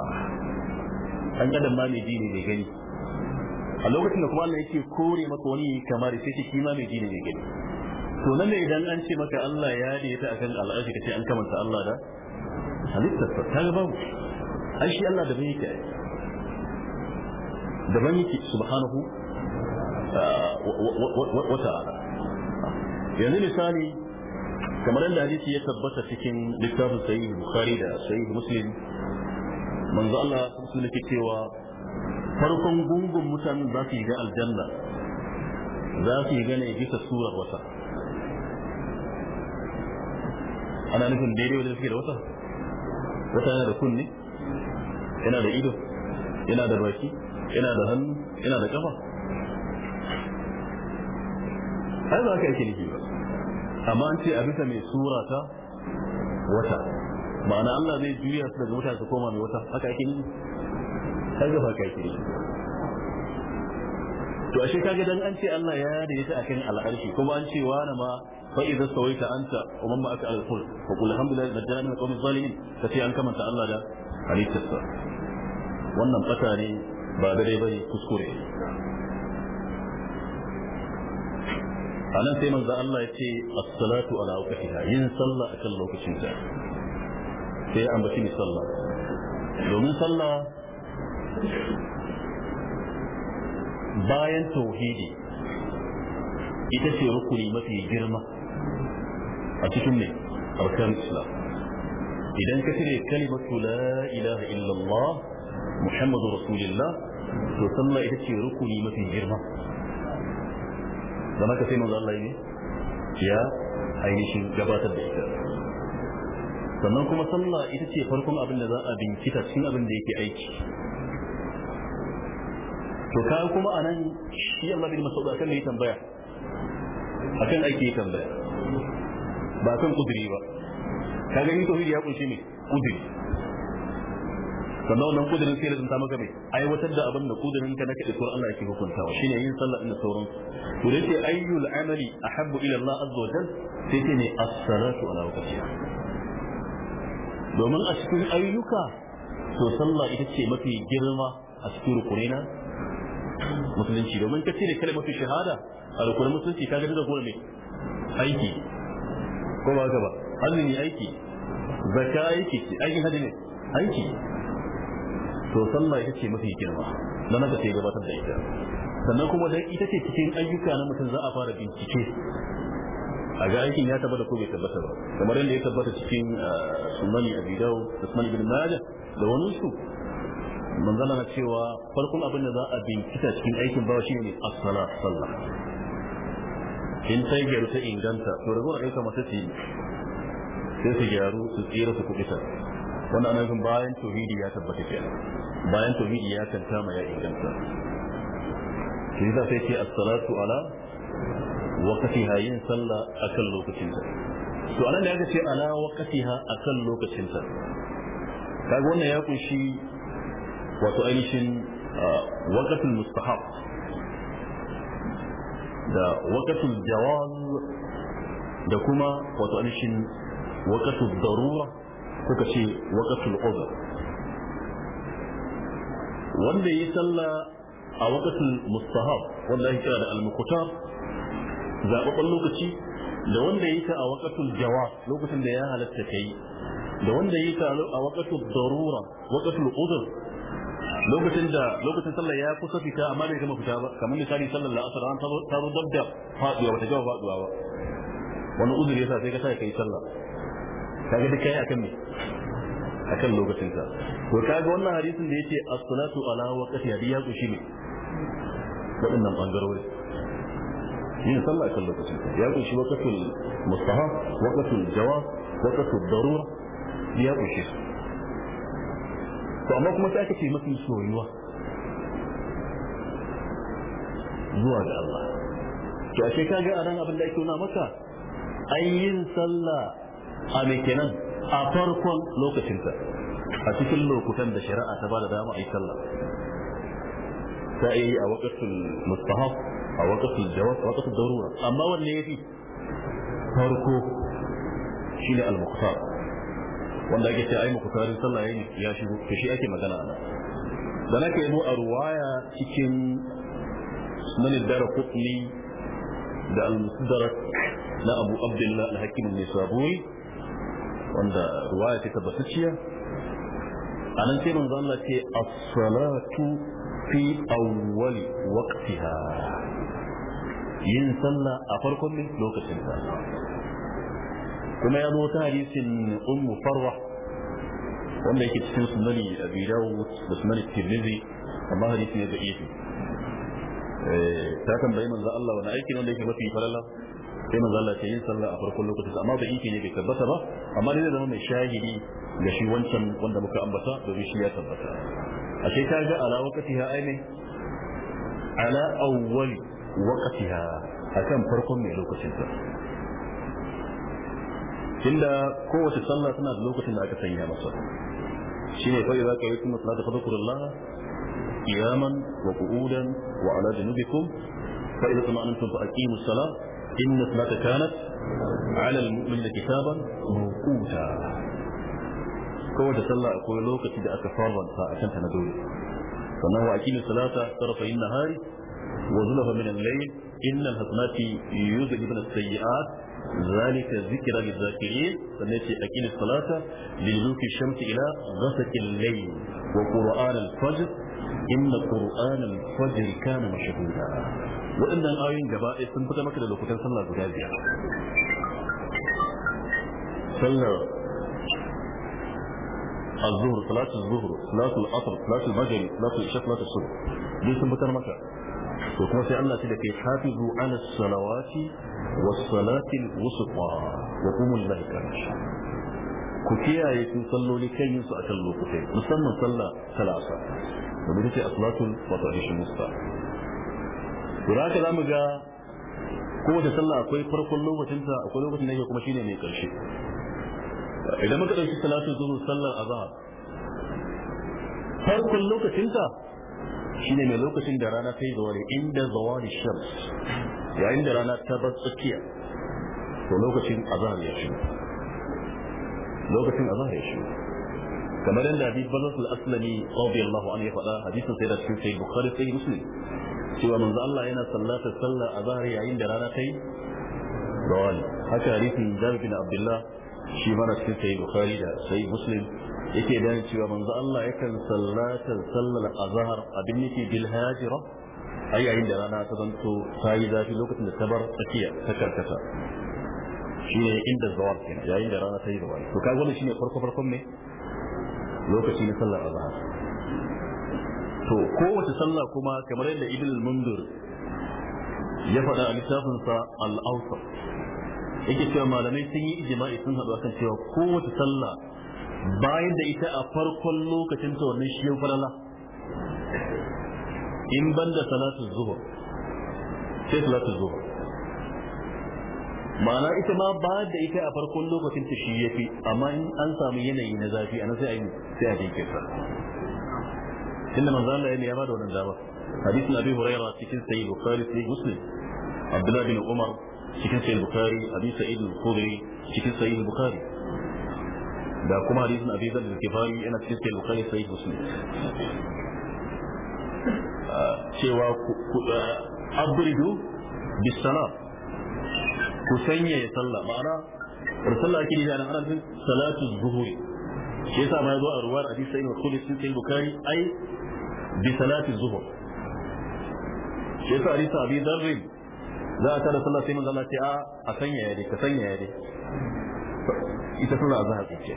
an adam ma mai dini mai gani a lokacin da kuma Allah yake kore maka wani kamar sai ce kima mai dini mai gani to nan ne idan an ce maka Allah ya daidaita akan al'ashi kace an kamanta Allah da halittarsa ta ga babu an shi Allah da bai yake daban yake subhanahu ah, wa ta'ala yanzu misali kamar yadda hadisi ya tabbata cikin littafin sahih bukhari da sahih muslim manzo Allah sun nake cewa farkon gungun mutanen za su yi ga aljanna za su yi gane bisa surar wata ana nufin daidai wajen suke da wata wata yana da kunne yana da ido yana da baki yana da hannu yana da kafa ai za ka yake nufi amma an ce a bisa mai sura ta wata ma'ana Allah zai juya su daga wata su koma mai wata haka ake ni har ga haka ake ni to ashe kaga dan an ce Allah ya daidaita akan al'arshi kuma an ce wa wani ma fa idza sawaita anta wa man ma'aka al-ful fa qul alhamdulillahi alladhi lam yakun zalimin ce an kamanta Allah da halittarsa wannan fata ne ba dai bane kuskure anan sai manzo Allah ya ce as-salatu ala waqtiha yin sallah akan lokacin ta sai an bashi sallah domin sallah bayan tauhidi ita ce rukuni mafi girma a cikin ne arkan islam idan ka cire kalimatu la ilaha illallah muhammadu rasulillah to sallah ita ce rukuni mafi girma da maka sai manzo Allah ne ya ainihin gabatar da ita sannan kuma sallah ita ce farkon abin da za a binkita cikin abin da yake aiki to ka kuma anan shi Allah bin Mas'ud akan ne tambaya akan aiki ya tambaya ba kan kudiri ba kaga ni tauhidi ya kunshi ne kudiri sannan wannan kudirin sai lazanta maka mai aiwatar da abin da kudirin ka nake isuwar Allah yake hukuntawa shine yin sallah da sauran to da sai ayyul amali ahabbu ila Allah azza wajal sai ce ne as-salatu ala waqtiha domin a cikin ayyuka to sallah ita ce mafi girma a cikin rukunina musulunci domin ka cire kalmatu shahada a rukunin musulunci ka ga da gona ne aiki ko ba ka ba azumi aiki zakka aiki ce aikin hadi ne aiki to sallah ita ce mafi girma don haka sai gabatar da ita sannan kuma dan ita ce cikin ayyuka na mutum za a fara bincike a ga aikin ya tabbata ko bai tabbata ba kamar yadda ya tabbata cikin ah, sunan abi daud usman ibn majah da wani su manzala na cewa farkon abin da za a bincika cikin aikin bawa shi ne as-sala sallah in sai gyaru ta inganta to ragowar mata masu sai su gyaru su tsira su ta. wanda ana jin bayan tauhidi ya tabbata kenan bayan tauhidi ya ma ya inganta shi yasa sai ce as-salatu ala waqtiha yin sallah akan lokacinta to anan da aka ce ala waqtiha akan lokacinta kaga wannan ya kunshi wato ainihin waqtul mustahab da waqtul jawaz da kuma wato ainihin waqtul darura suka ce waqtul uzr wanda yi sallah a waqtul mustahab wanda ya kira da al-muqtar lokaci da wanda yi ta a waqtul Jawa lokacin da ya halatta kai da wanda yi ta a waqtul darura waqtul uzr lokacin da lokacin sallah ya kusa fita amma bai gama fita ba kamar misali sallar la'asar an ta zo dab da faduwa wata gama faduwa ba wani uzuri yasa sai ka sa kai sallah kaga duk kai akan me akan lokacinsa to kaga wannan hadisin da yace as-salatu ala waqtiha ya kushi ne waɗannan bangarori yin sallah akan lokacin ya kushi waqtul mustahab waqtul jawab waqtul darura ya kushi to amma kuma sai aka ce mafi soyuwa zuwa ga Allah to ashe kaga a abin da ake nuna maka an yin sallah a mai kenan a farkon lokacinta a cikin lokutan da shari'a ta bada dama a yi sallah ta yi a wakatul mustahab a wakatul jawab a wakatul darura amma wanne ya fi farko shine al-muqtar wanda ake ce ai muqtarin sallah yayin ya shigo to shi ake magana ana dan ake mu a ruwaya cikin sunan ad-darqutni da al-mustadrak na Abu Abdullah al-Hakim an wanda ruwaya ta tabbatacciya a nan ce manzo Allah ce as-salatu fi awwali waqtiha yin sallah a farkon lokacin ta kuma ya zo ta hadisin ummu farwa wanda yake cikin sunani abi dawud da sunani tirmidhi amma hadisi ne da ifi eh, ta tambayi manzo Allah wani aiki ne wanda yake mafi falala sai manzo Allah ya yin sallah a farkon lokacin amma ba yake ne bai tabbata ba amma dai zama mai shahidi ga shi wancan wanda muka ambata da shi ya tabbata a sai ta ga ala waqtiha aini ala awwal waqtiha akan farkon ne lokacin ta tunda kowace sallah tana da lokacin da aka sanya masa shine fa idza qaytum salata fadhkurullaha qiyaman wa qu'udan wa ala junubikum fa idza tuma'antum fa aqimus salah إن ثبات كانت على المؤمن كتابا موقوتا كوجة صلى أقول لوك تدى أكفارا فأشنت ندول فنهو أكيم الصلاة طرف النهار وظلف من الليل إن الهزمات يوزج من السيئات ذلك ذكر للذاكرين فنأتي أكيد الصلاة لنوك الشمس إلى غسك الليل وقرآن الفجر إن قرآن الفجر كان مشهودا waɗannan ayoyin gaba ɗaya sun fita maka da lokutan sallah guda biyar sallar الظهر صلاة Salatu صلاة العصر صلاة المغرب صلاة العشاء صلاة الصبح دي sun fitar maka to kuma sai Allah da ke hafizu ala salawati was salati al-wusta wa qumu lillahi qanish ku kiyaye sun salloli kan yin su a kan lokutai musamman sallah talata da mutum ce a wata wa ta'ishin musta to ka za mu ga kowace sallah akwai farkon lokacinta akwai lokacin da yake kuma shine mai karshe idan muka ɗauki salatu zuwa sallar azhar farkon lokacinta shine mai lokacin da rana ta yi zawari inda zawari shams yayin da rana ta bar tsakiya to lokacin azhar ya shigo lokacin azhar ya shigo kamar yadda hadith bazar al-aslami radiyallahu anhu ya faɗa hadisin sai da cikin sai bukhari sai muslim cewa manzo Allah yana sallata sallar azhar yayin da rana ta yi rawani haka hadisin Jabir bin Abdullah shi mana cikin sahih Bukhari da sahih Muslim yake da cewa manzo Allah yakan sallata sallar azhar abin nufi bil hajira ai yayin da rana ta zanto ta yi zafi lokacin da ta bar tsakiya ta karkata shine inda zawar kenan yayin da rana ta yi zawar to kaga wannan shine farko farkon ne lokaci na sallar azhar to kowace sallah kuma kamar yadda ibn al ya faɗa a littafin sa al-awsa yake cewa malamai sun yi ijma'i sun haɗu akan cewa wata sallah bayan da ita a farkon lokacin ta wannan shi falala in banda salatu zuhur sai salatu zuhur ma'ana ita ma ba da ita a farkon lokacin ta shi yafi amma in an samu yanayi na zafi a sai a yi sai a jinkirta tunda manzo Allah ya ba da wannan dama hadisin Abi Hurairah cikin Sahih Bukhari sai Muslim Abdullah bin Umar cikin Sahih Bukhari Abi Sa'id al-Khudri cikin Sahih Bukhari da kuma hadisin Abi Dharr al-Kifari yana cikin Sahih Bukhari Sahih Muslim ah, cewa ah, abridu bisala ku sanya ya sallah ma'ana sallah ake nufi ana ana salatu zuhuri shi yasa ma yazo a ruwar hadisi sai Bukhari sun sai ai bi salati zuhur shi yasa hadisi abi dharr za a tara sai manzo Allah ce a a sanya yare ka sanya yare ita suna azhar ce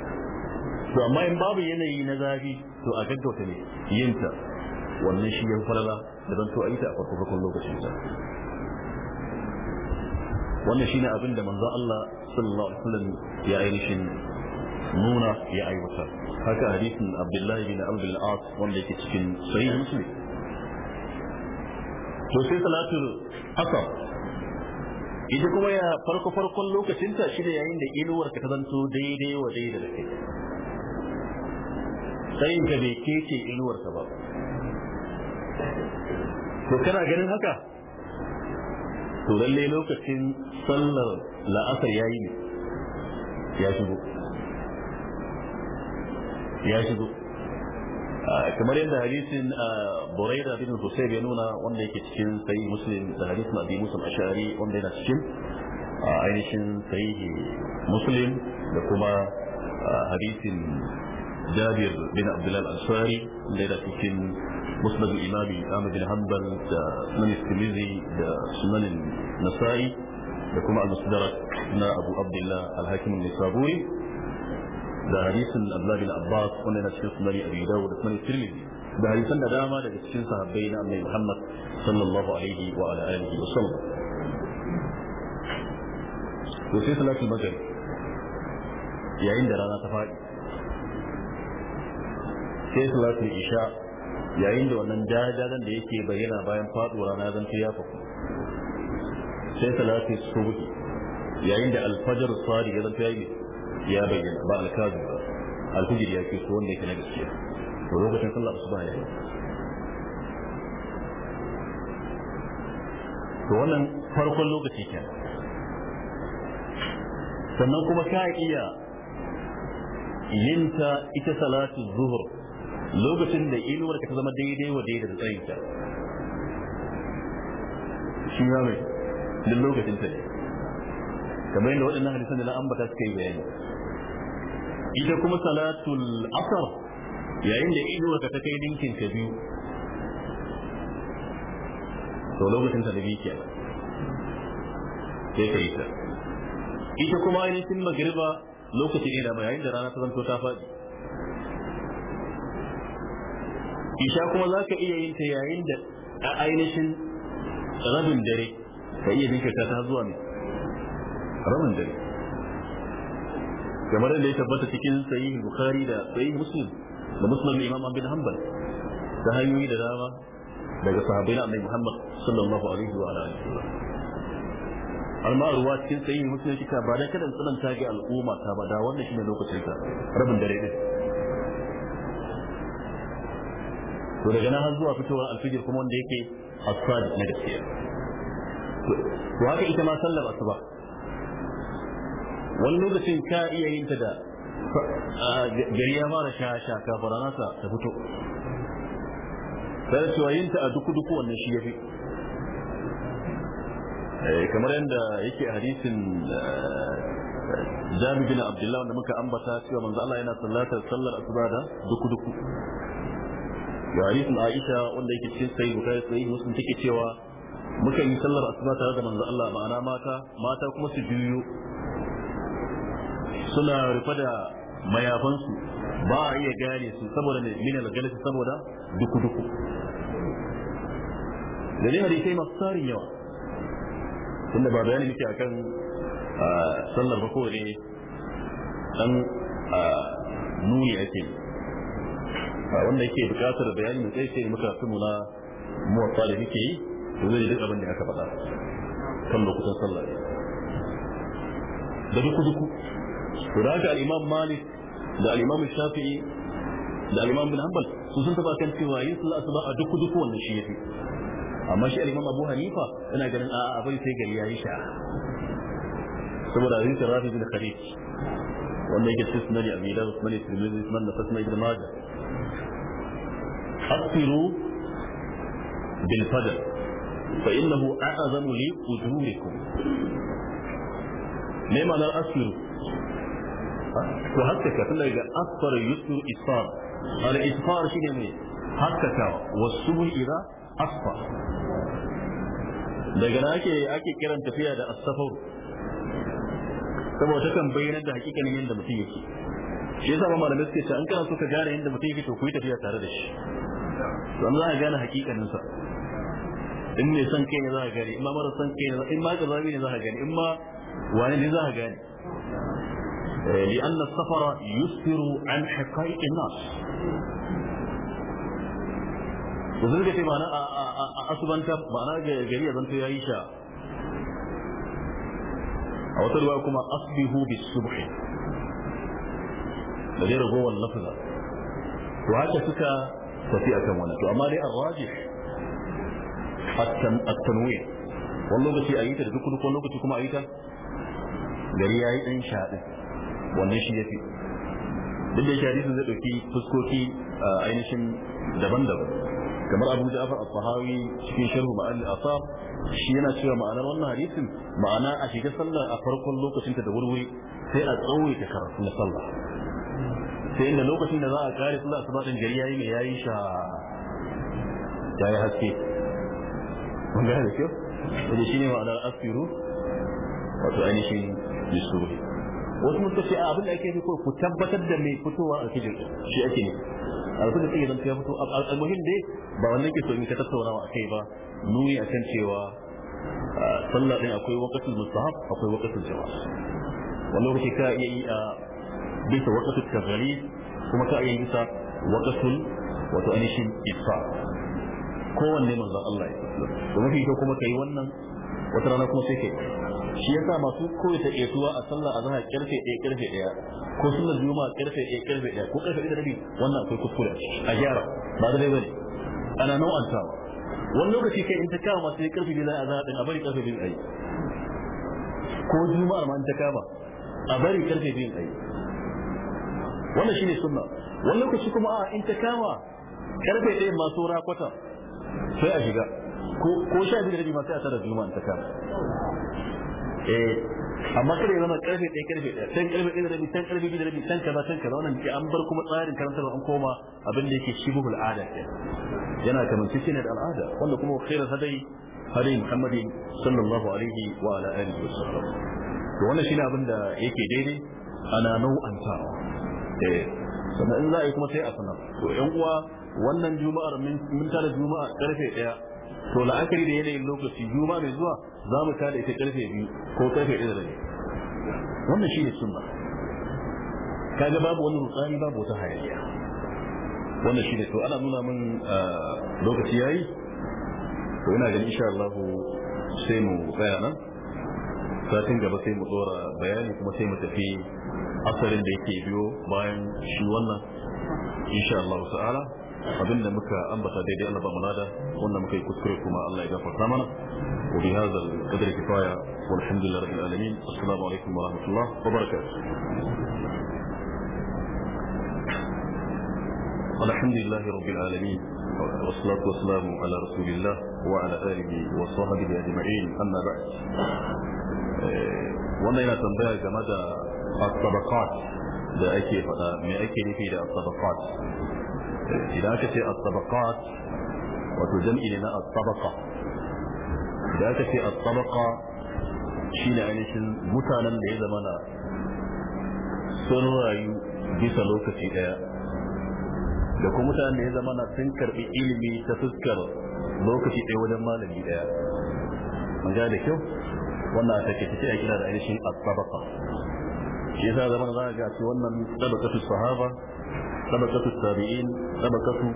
to amma in babu yanayi na zafi to a gaggauta ne yinta wannan shi yan falala da zan to a yi ta a farko farkon lokacin sa wannan shine abin nuna ya aiwatar haka hadisin abdullahi bin abdul as wanda yake cikin sahih muslim to sai salatul asr ita kuma ya farko farkon ta shi da yayin da inuwar ka zanto daidai wa daidai da kai sai ka bai kece inuwar ka ba to kana ganin haka to lalle lokacin sallar la'asar yayi ne ya shigo ya shigo ah, kamar yadda hadisin ah, buraira bin husayb ya nuna wanda yake cikin sahih muslim da hadisin abi musa ashari wanda yana cikin ah, ainihin sahih muslim da kuma hadisin jabir bin abdullah al-ansari da yana cikin musnad al-imam ahmad bin hanbal da sunan tirmidhi da sunan nasa'i da kuma al-musdarak na abu abdullah al-hakim an-nisaburi da hadisin Abdullah bin Abbas wanda yana cikin sunan Abi Dawud da sunan Tirmidhi da hadisan da dama daga cikin sahabbai na Annabi Muhammad sallallahu alaihi wa ala alihi wa sallam to sai salatul maghrib yayin da rana ta faɗi sai salatul isha yayin da wannan jajajen da yake bayyana bayan faɗuwa rana zan ta yafa sai salatul subhi yayin da alfajar sadiq zan ta yi ya bayyana ba alkazu ba alhujir ya ke ko wanda yake na gaskiya to lokacin sallah asuba ya yi to wannan farkon lokaci kenan sannan kuma ka iya yinta ita salatu zuhur lokacin da inuwar ka ta zama daidai wa daidai da tsayinta shi ya mai duk lokacin ta ne kamar yadda waɗannan hadisan da na ambata suka yi bayani ita kuma salatul asar yayin da ido ka ta kai dinkin ka biyu to lokacin ta da biyu ke sai ka yi ta ita kuma ainihin magriba lokaci ne da yayin da rana ta zanto ta faɗi isha kuma za ka iya yin ta yayin da a ainihin rabin dare ka iya jinkirta ta zuwa ne rabin dare kamar da ya tabbata cikin sahih bukhari da sahih muslim da muslim imam Abin hanbal da hanyoyi da dama daga sahabbai na muhammad sallallahu alaihi wa alihi amma ruwa cikin sahih muslim kika ba da kadan tsananta ga al'umma ta ba da wannan shine lokacin ta rabin dare din to daga nan har zuwa fitowar alfijir kuma wanda yake asfad na gaskiya to haka ita ma sallar asuba wani lokacin ka iya yin ta da gari ya fara sha kafin ranasa ta fito sai cewa yin ta a duku duku wannan shi yafi eh, kamar yadda yake hadisin eh, jami bin abdullahi wanda muka ambata cewa manzo Allah yana sallatar sallar asuba da duku duku ga hadisin Aisha wanda yake cikin sahih Bukhari sahih Muslim take cewa muka yi sallar asuba tare da manzo Allah ma'ana mata mata kuma su biyu suna rufe da mayafansu ba a iya gane su saboda ne min algalati saboda duku duku da ne hadisai masu tsarin yawa tunda ba bayani muke akan sallar ba kowane dan nuni ake wanda yake bukatar bayani mai tsaye sai muka sunu na muwatta da muke yi to zai duk abin da aka faɗa kan lokutan sallar. da duku duku ودعك الإمام مالك دع الإمام الشافعي دع الإمام بن حنبل سوسن تبا كان في وعيس الله أصلا أدوك دوك والنشيتي أما شيء الإمام أبو حنيفة أنا قال أن أبي سيقل يا إيشا سبرا عزيز الرافي بن خليج وأن يجد سيسنا لأبي الله وثماني سلمين وثمان نفسنا إبن ماجا أصروا بالفجر فإنه أعظم لي أجوركم نعم أنا أصروا To ka وهكذا كنا إذا أثر يسر إصفار قال إصفار شيء يعني هكذا والسبل إذا أصفر daga na ake ake kiran tafiya da asafaru saboda kan bayyana da hakikanin yadda mutum yake shi yasa ba malamai suke cewa an kana so ka gane yadda mutum yake to ku yi tafiya tare da shi Sannan za a gane hakikanin sa in mai son kai ne za a gane in ma mara son kai ne in ma gazabi ne za a gane in ma wani ne za a gane إيه، لأن السفر يسفر عن حقائق الناس وزن كتب أنا أصب أنت وأنا جريء أنت يا إيشا أوتر وأكما أصبه بالسبح لغير هو اللفظ وهذا سكا ففي أكمونة وأما لي الراجح التنوير والله بسي أيتر ذكر كل لغة كما أيتر أنشاء أنشاء wannan shi yake duk da shari'a zai dauki fuskoki a ainihin daban-daban kamar abu ja'far al-sahawi cikin sharhu ma'al al-asar shi yana cewa ma'anar wannan hadisin ma'ana a shiga sallah a farkon lokacin ta da wurwuri sai a ta karatu na sallah sai inda lokacin da za a kare sallah asuba din gari yayi mai yayi sha yayi haske mun ga da kyau da shi ne ma'anar asiru wato ainihin yusuf wasu mutu ce a abin da ake ko ku tabbatar da mai fitowa a cikin shi ake ne alfajir sai zan ya fito almuhim dai ba wannan ke so in ka tattaunawa akai ba nuni a kan cewa sallah din akwai waqtul mustahab akwai waqtul jama'a Wannan lokaci ka iya yi a bisa waqtul tazari kuma ka iya yi bisa waqtul wato ainihin isfa kowanne manzon Allah ya sallallahu alaihi kuma kai wannan wata rana kuma sai kai shi yasa masu koyi ta etuwa a sallah azhar karfe 1 karfe 1 ko sallar juma'a karfe 1 karfe 1 ko karfe 1 da rabi wannan akwai kuskure a gyara ba da bane ana ta wani lokaci kai in ta kama masu yi karfe biyu a zaɓin a bari karfe biyu ayi ko juma'ar ma in ta kama a bari karfe biyu ayi wannan shine sunna wani lokaci kuma a in ta kama karfe ɗaya masu rakwata sai a shiga ko sha biyu da rabi ma sai a tara juma'a in ta kama Eh, amma kada ya zama karfe ɗaya karfe ɗaya san karfe ɗaya da rabi san karfe biyu da rabi san kaza san kaza wannan an bar kuma tsarin karantarwa an koma abin da yake shibul al'ada yana kamar cikin al'ada wanda kuma khairu hadai hadai muhammadin sallallahu alaihi wa ala alihi wa sallam to wannan shine abin da yake daidai ana nau'anta. eh sannan in za a yi kuma sai a sanar to yan uwa wannan juma'ar mun tara juma'a karfe ɗaya to la'akari da yanayin lokaci juma mai zuwa za mu tada ita karfe biyu ko karfe ɗaya da rabi wannan shi ne sunna kaga babu wani rutsani babu wata hayaniya wannan shi ne to ana nuna min ah, lokaci yayi to ina ganin insha Allah sai mu tsaya nan satin gaba sai mu dora bayani kuma sai mu tafi asalin da yake biyo bayan shi wannan insha Allah ta'ala abinda muka ambata daidai Allah ba mu lada wanda muka yi kuskure kuma Allah ya gafarta mana wa bi hadha al-qadr kifaya walhamdulillahi rabbil alamin assalamu alaikum wa rahmatullahi wa barakatuh الحمد لله رب العالمين والصلاة والسلام على رسول الله وعلى آله وصحبه أجمعين أما بعد وانا هنا تنبيه جمد الطبقات da ake faɗa me ake nufi da sabaqat idan aka ce sabaqat wato jam'i ne na sabaqa idan aka ce asabaqa shine ainihin mutanen da ya zama na sun rayu bisa lokaci daya da kuma mutanen da ya zama na sun karbi ilimi ta fuskar lokaci ɗaya wajen malami daya mun da kyau wannan a take take a kira da ainihin asabaqa yasa zaman za ga ce wannan tabakatu sahaba tabakatu tabi'in tabakatu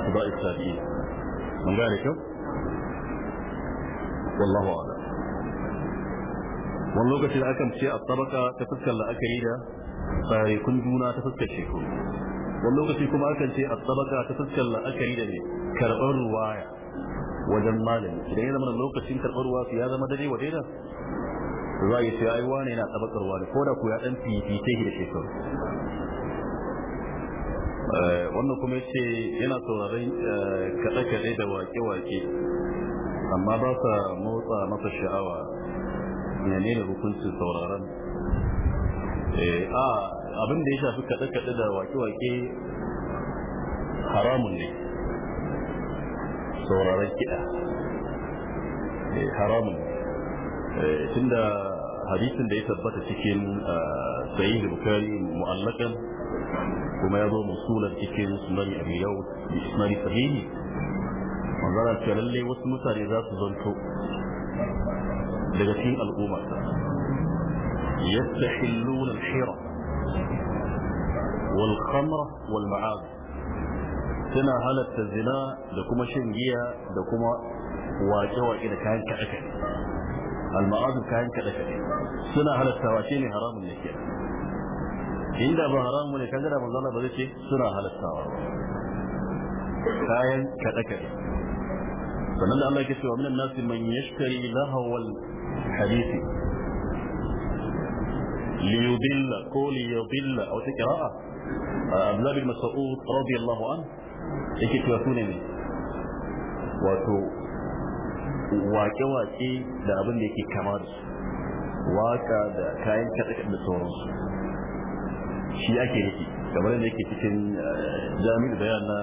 atba'i tabi'in mun gane kyau wallahu a'lam wani lokacin da akan ce a tabaka ta fuskar yi da tsarikun juna ta fuskar shekaru wani lokaci kuma akan ce a tabaka ta fuskar yi da ne karɓar ruwaya wajen malami idan ya zama da lokacin karɓar ruwa ya zama dare wa daidai za a ce ai wane yana tsabakarwa da koda ku ya dan fifice shi da shekaru eh, wannan kuma yace yana sauraron eh, kaɗe-kaɗe da wake-wake amma ba sa motsa masa sha'awa menene hukuncin sauraron eh, a abin da ya shafi kaɗe-kaɗe da wake-wake haramun ne sauraron kiɗa haramun tunda hadisin da ya tabbata cikin ah, sahih bukari mu'allakan kuma ya zo musulan cikin sunan abi da sunan sahihi manzara ce lalle wasu mutane za su zanto daga cikin al'umma yastahilluna al-hira wal khamra wal ma'az suna halatta zina da kuma shin giya da kuma wake-wake da kayan kaɗe al-ma'azif kayan kada kada suna halattawa shi ne haramun ne ke inda ba haramun ne kaga da manzo Allah ba zai ce suna halattawa kayan kada kada sannan da Allah yake cewa minan nasi man yashtari lahawal hadisi ليضل كو ليضل او تقراءه عبد الله بن مسعود رضي الله عنه yake cewa su ne wato wake-wake da abin da yake kama da su waka da kayan kaɗe da sauransu shi ake nufi kamar da yake cikin eh, jami'ar bayan na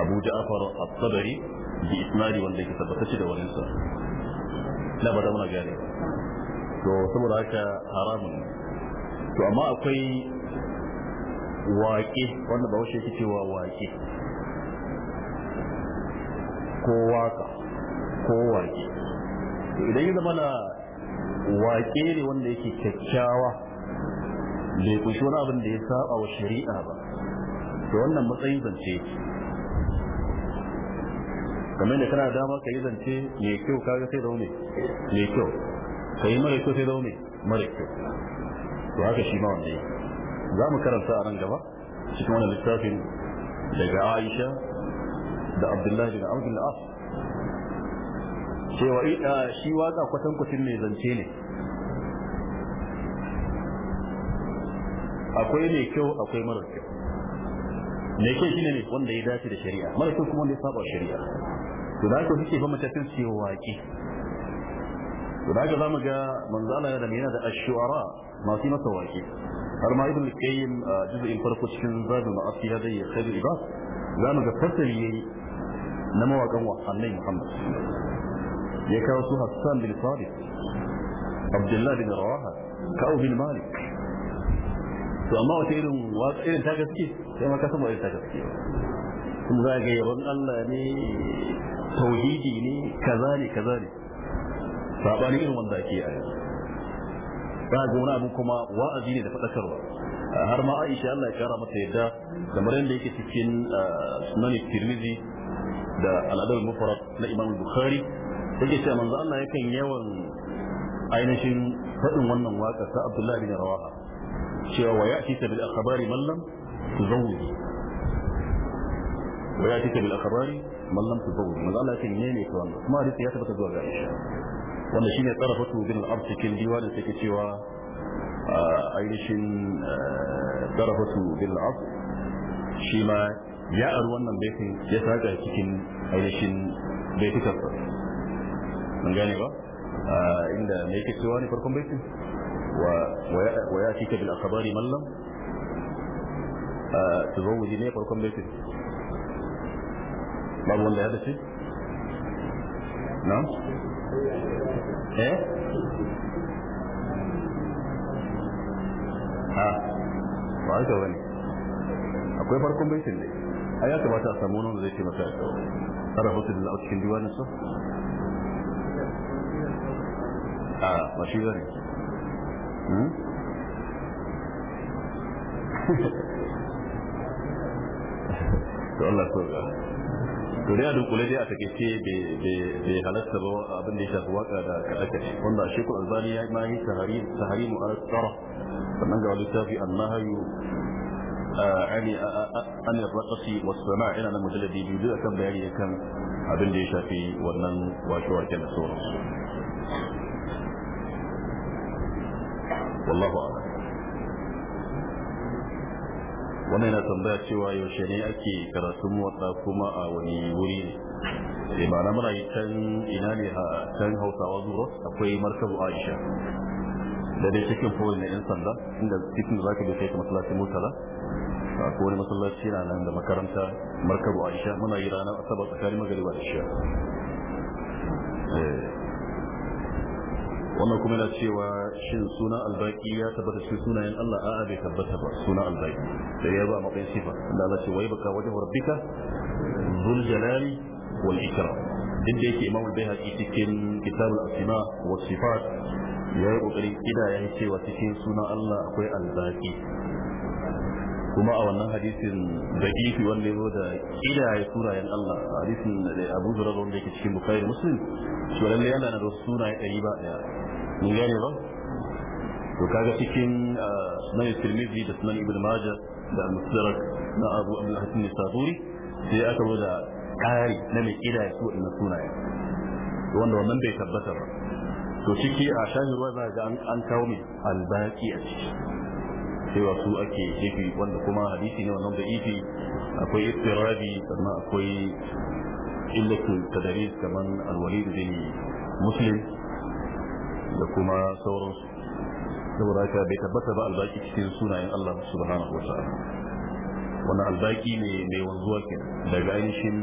abu ja'afar al sabari da isnari wanda yake tabbatacce da waninsa na ba zama muna gane to saboda haka haramun to amma akwai waƙe wanda ba wasu yake cewa waƙe ko waka ko waƙe idan ya zama na waƙe ne wanda yake kyakkyawa bai kunshi wani abin da ya saba wa shari'a ba to wannan matsayin zance kamar da kana dama ka yi zance mai kyau kaga sai zaune mai kyau ka yi mara kyau sai zaune mara kyau to haka shi ma wanda za mu karanta a nan gaba cikin wani littafin daga aisha da abdullahi da abdullahi cewa ah, shi waka kwatankwacin mai zance ne akwai mai kyau akwai mara kyau mai kyau shine ne wanda ya dace da shari'a mara kyau kuma wanda ya saba shari'a to da haka suke fa matakin su waƙi to da haka zamu ga manzo da yana yana da ash masu masa waƙi har ma ibn qayyim ah, juz'in farko cikin zabi ma'asi ya zai khairu ibad zamu ga fasali yayi na mawaƙan wa annabi Muhammad ya kawo su Hassan bin Sabit Abdullahi bin Rawaha Ka'u bin Malik to amma wata irin waka irin ta gaske sai ma ka san irin ta gaske sun za ga yaban Allah ne tauhidi ne kaza ne kaza ne sabani irin wanda ake a yanzu za ga wani abu kuma wa'azi ne da faɗakarwa har ma Aisha Allah ya kara mata yadda kamar yadda yake cikin ah, sunan Tirmidhi da al'adar mufarad na Imam Bukhari yake cewa manzo Allah yakan yawan ainihin faɗin wannan waka ta Abdullahi bin Rawaha cewa wa ya'ti bil akhbari man lam tuzawwij wa ya'ti bil akhbari man lam tuzawwij manzo Allah yakan yene ta wannan kuma hadisi ya tabbata zuwa ga Aisha wanda shine tsarafatu bin al-Arsh cikin diwanin take cewa ainihin tsarafatu bin al-Arsh shi ma ya aru wannan baitin ya saka cikin ainihin baitikarsa mun gane ba ah, inda me yake cewa ne farkon baitin wa ya bil mallam ah, ne farkon baitin babu wanda ya dace na eh ha ah, ba haka wani? akwai farkon baitin ne a ya kamata a samu wani da zai ce masa sarrafa su da cikin diwanin sa a ba shi bane to Allah ko ga to dai a dunkule dai a takaice bai halatta ba abin da ya shafi waka da kaɗa kaɗe wanda shi ko albani ya ma yi tahari mu ala tsara sannan ga wani tafi annahayu an yarraƙasi wasu sana'a ina na mujalladi biyu da kan bayani kan abin da ya shafi wannan wake-waken da sauransu wallahu a'lam wannan yana tambaya cewa yaushe ne ake karatun wata kuma a wani wuri ne ba eh, na muna yi can ina ne a can hausawa zuwa akwai markabu aisha da dai cikin fowin na 'yan sanda inda cikin za ka bai ta masallacin mutala a kowane masallaci na nan da makaranta markabu aisha muna yi ranar asabar tsakanin magariba da shiya eh. wannan kuma yana cewa shin suna albaki ya tabbata cikin sunayen Allah a'a bai tabbata ba suna albaki sai ya ba matsayin sifa da Allah ce wai baka wajen rabbika zul jalali wal ikram din da yake imamul bayhaqi cikin kitabul asma wa sifat ya yi kokarin kidaya cewa cikin sunan Allah akwai albaki kuma a wannan hadisin da da'ifi wanda ya da kidaye sunayen Allah hadisin da Abu Zurara wanda yake cikin Bukhari da Muslim shi lalle yana da sunaye ɗari ba ɗaya mun gane ba to kaga cikin ah, sunan Tirmidhi da sunan Ibn Majah da Muslim na Abu Abdul Hasan Saburi sai aka zo da kari na mai kidaye su na sunaye wanda wannan bai tabbata ba to ciki a shahin ruwa za ga an kawo mai albaki a ciki cewa su ake jefi wanda kuma hadisi ne wannan da ifi akwai istirabi sannan akwai illatul tadaris kaman alwalid bin muslim da kuma sauransu saboda haka bai tabbata ba albaki cikin sunayen Allah subhanahu wa ta'ala wannan albaki ne mai wanzuwa ke daga ainihin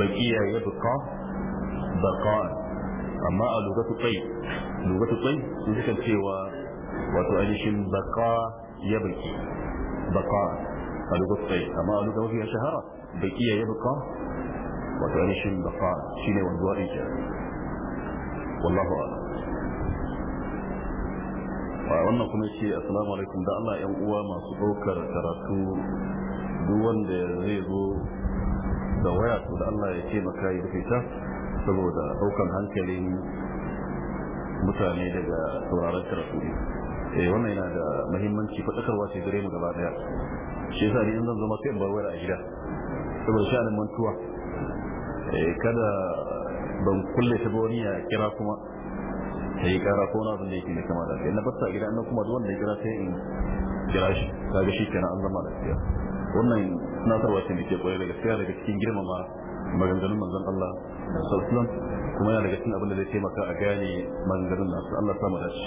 bakiya ya buka baka amma a lokacin kai lokacin kai sun suka cewa wato ainihin baka ya baki baka a lugutsai amma a lugar mafi shahara baki ya baka wato ainihin baka shine wanzuwa ɗin ke wallahu a'lam wannan kuma ce assalamu alaikum da Allah yan uwa masu ɗaukar karatu duk wanda zai zo da waya to da Allah ya ce maka yi fita saboda ɗaukan hankalin mutane daga sauraron karatu ne Eh, wannan yana da mahimmanci faɗakarwa ce gare mu gaba daya shi yasa ni zan zama sai bar wayar a gida saboda shanin mantuwa eh, kada ban kulle ta wani ya kira kuma ta yi kara ko na abin da yake mai kama da kai na fasta gida na kuma wanda ya kira sai in kira shi kaga shi kenan an zama lafiya wannan tunatarwa ce da ke koyar da gaskiya daga cikin girmama maganganun manzon Allah sallallahu alaihi kuma yana daga cikin abin da zai taimaka a gane maganganun nasu Allah ta sa mu dace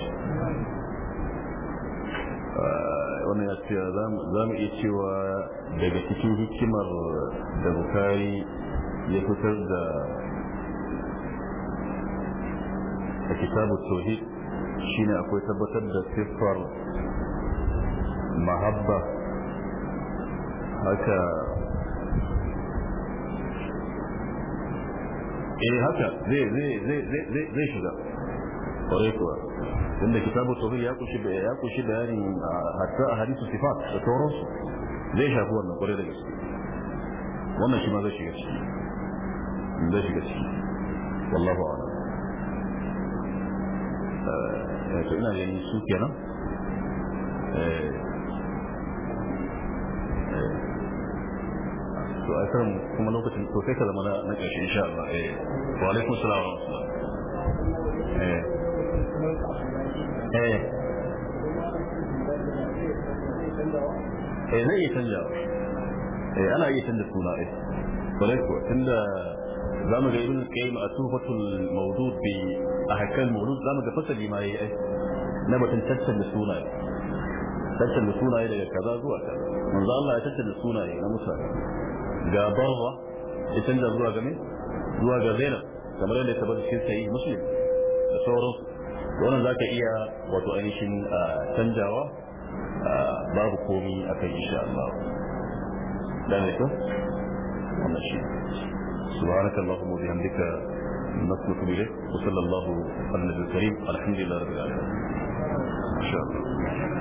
Eh, wani ya ce za mu iya cewa daga cikin hikimar da bukari ya fitar da a kitabu tauhid shine akwai tabbatar da siffar mahabba haka eh haka zai shiga kwarai kuwa inda kitabu tauhid ya kunshi ya kunshi bayani hatta a hadisu sifat da sauransu zai shafi wannan kwarai da gaske wannan shi ma zai shiga ciki zai shiga ciki wallahu a'lam to ina ganin su kenan to a kan kuma lokacin to sai ka zama na ƙarshe insha Allah eh wa alaikum salam eh eh eh zai iya canjawa eh ana iya canja suna eh kwarai ko tunda za mu ga ibn qayyim a tuhfatul mawdud bi ahkam mawlud za mu ga fasali ma yayi ai na batun tattalin sunaye tattalin sunaye daga kaza zuwa kaza manzo Allah ya tattalin sunaye na Musa ga barra ya canza zuwa ga me zuwa ga zainab kamar yadda ta bada cikin sahihi muslim da sauransu wannan za ka iya wato ainihin canjawa babu komi a kan insha Allah dan ne to wannan shi subhanakallahumma wa bihamdika نسلك إليه وصلى الله على النبي الكريم الحمد لله رب العالمين شاء الله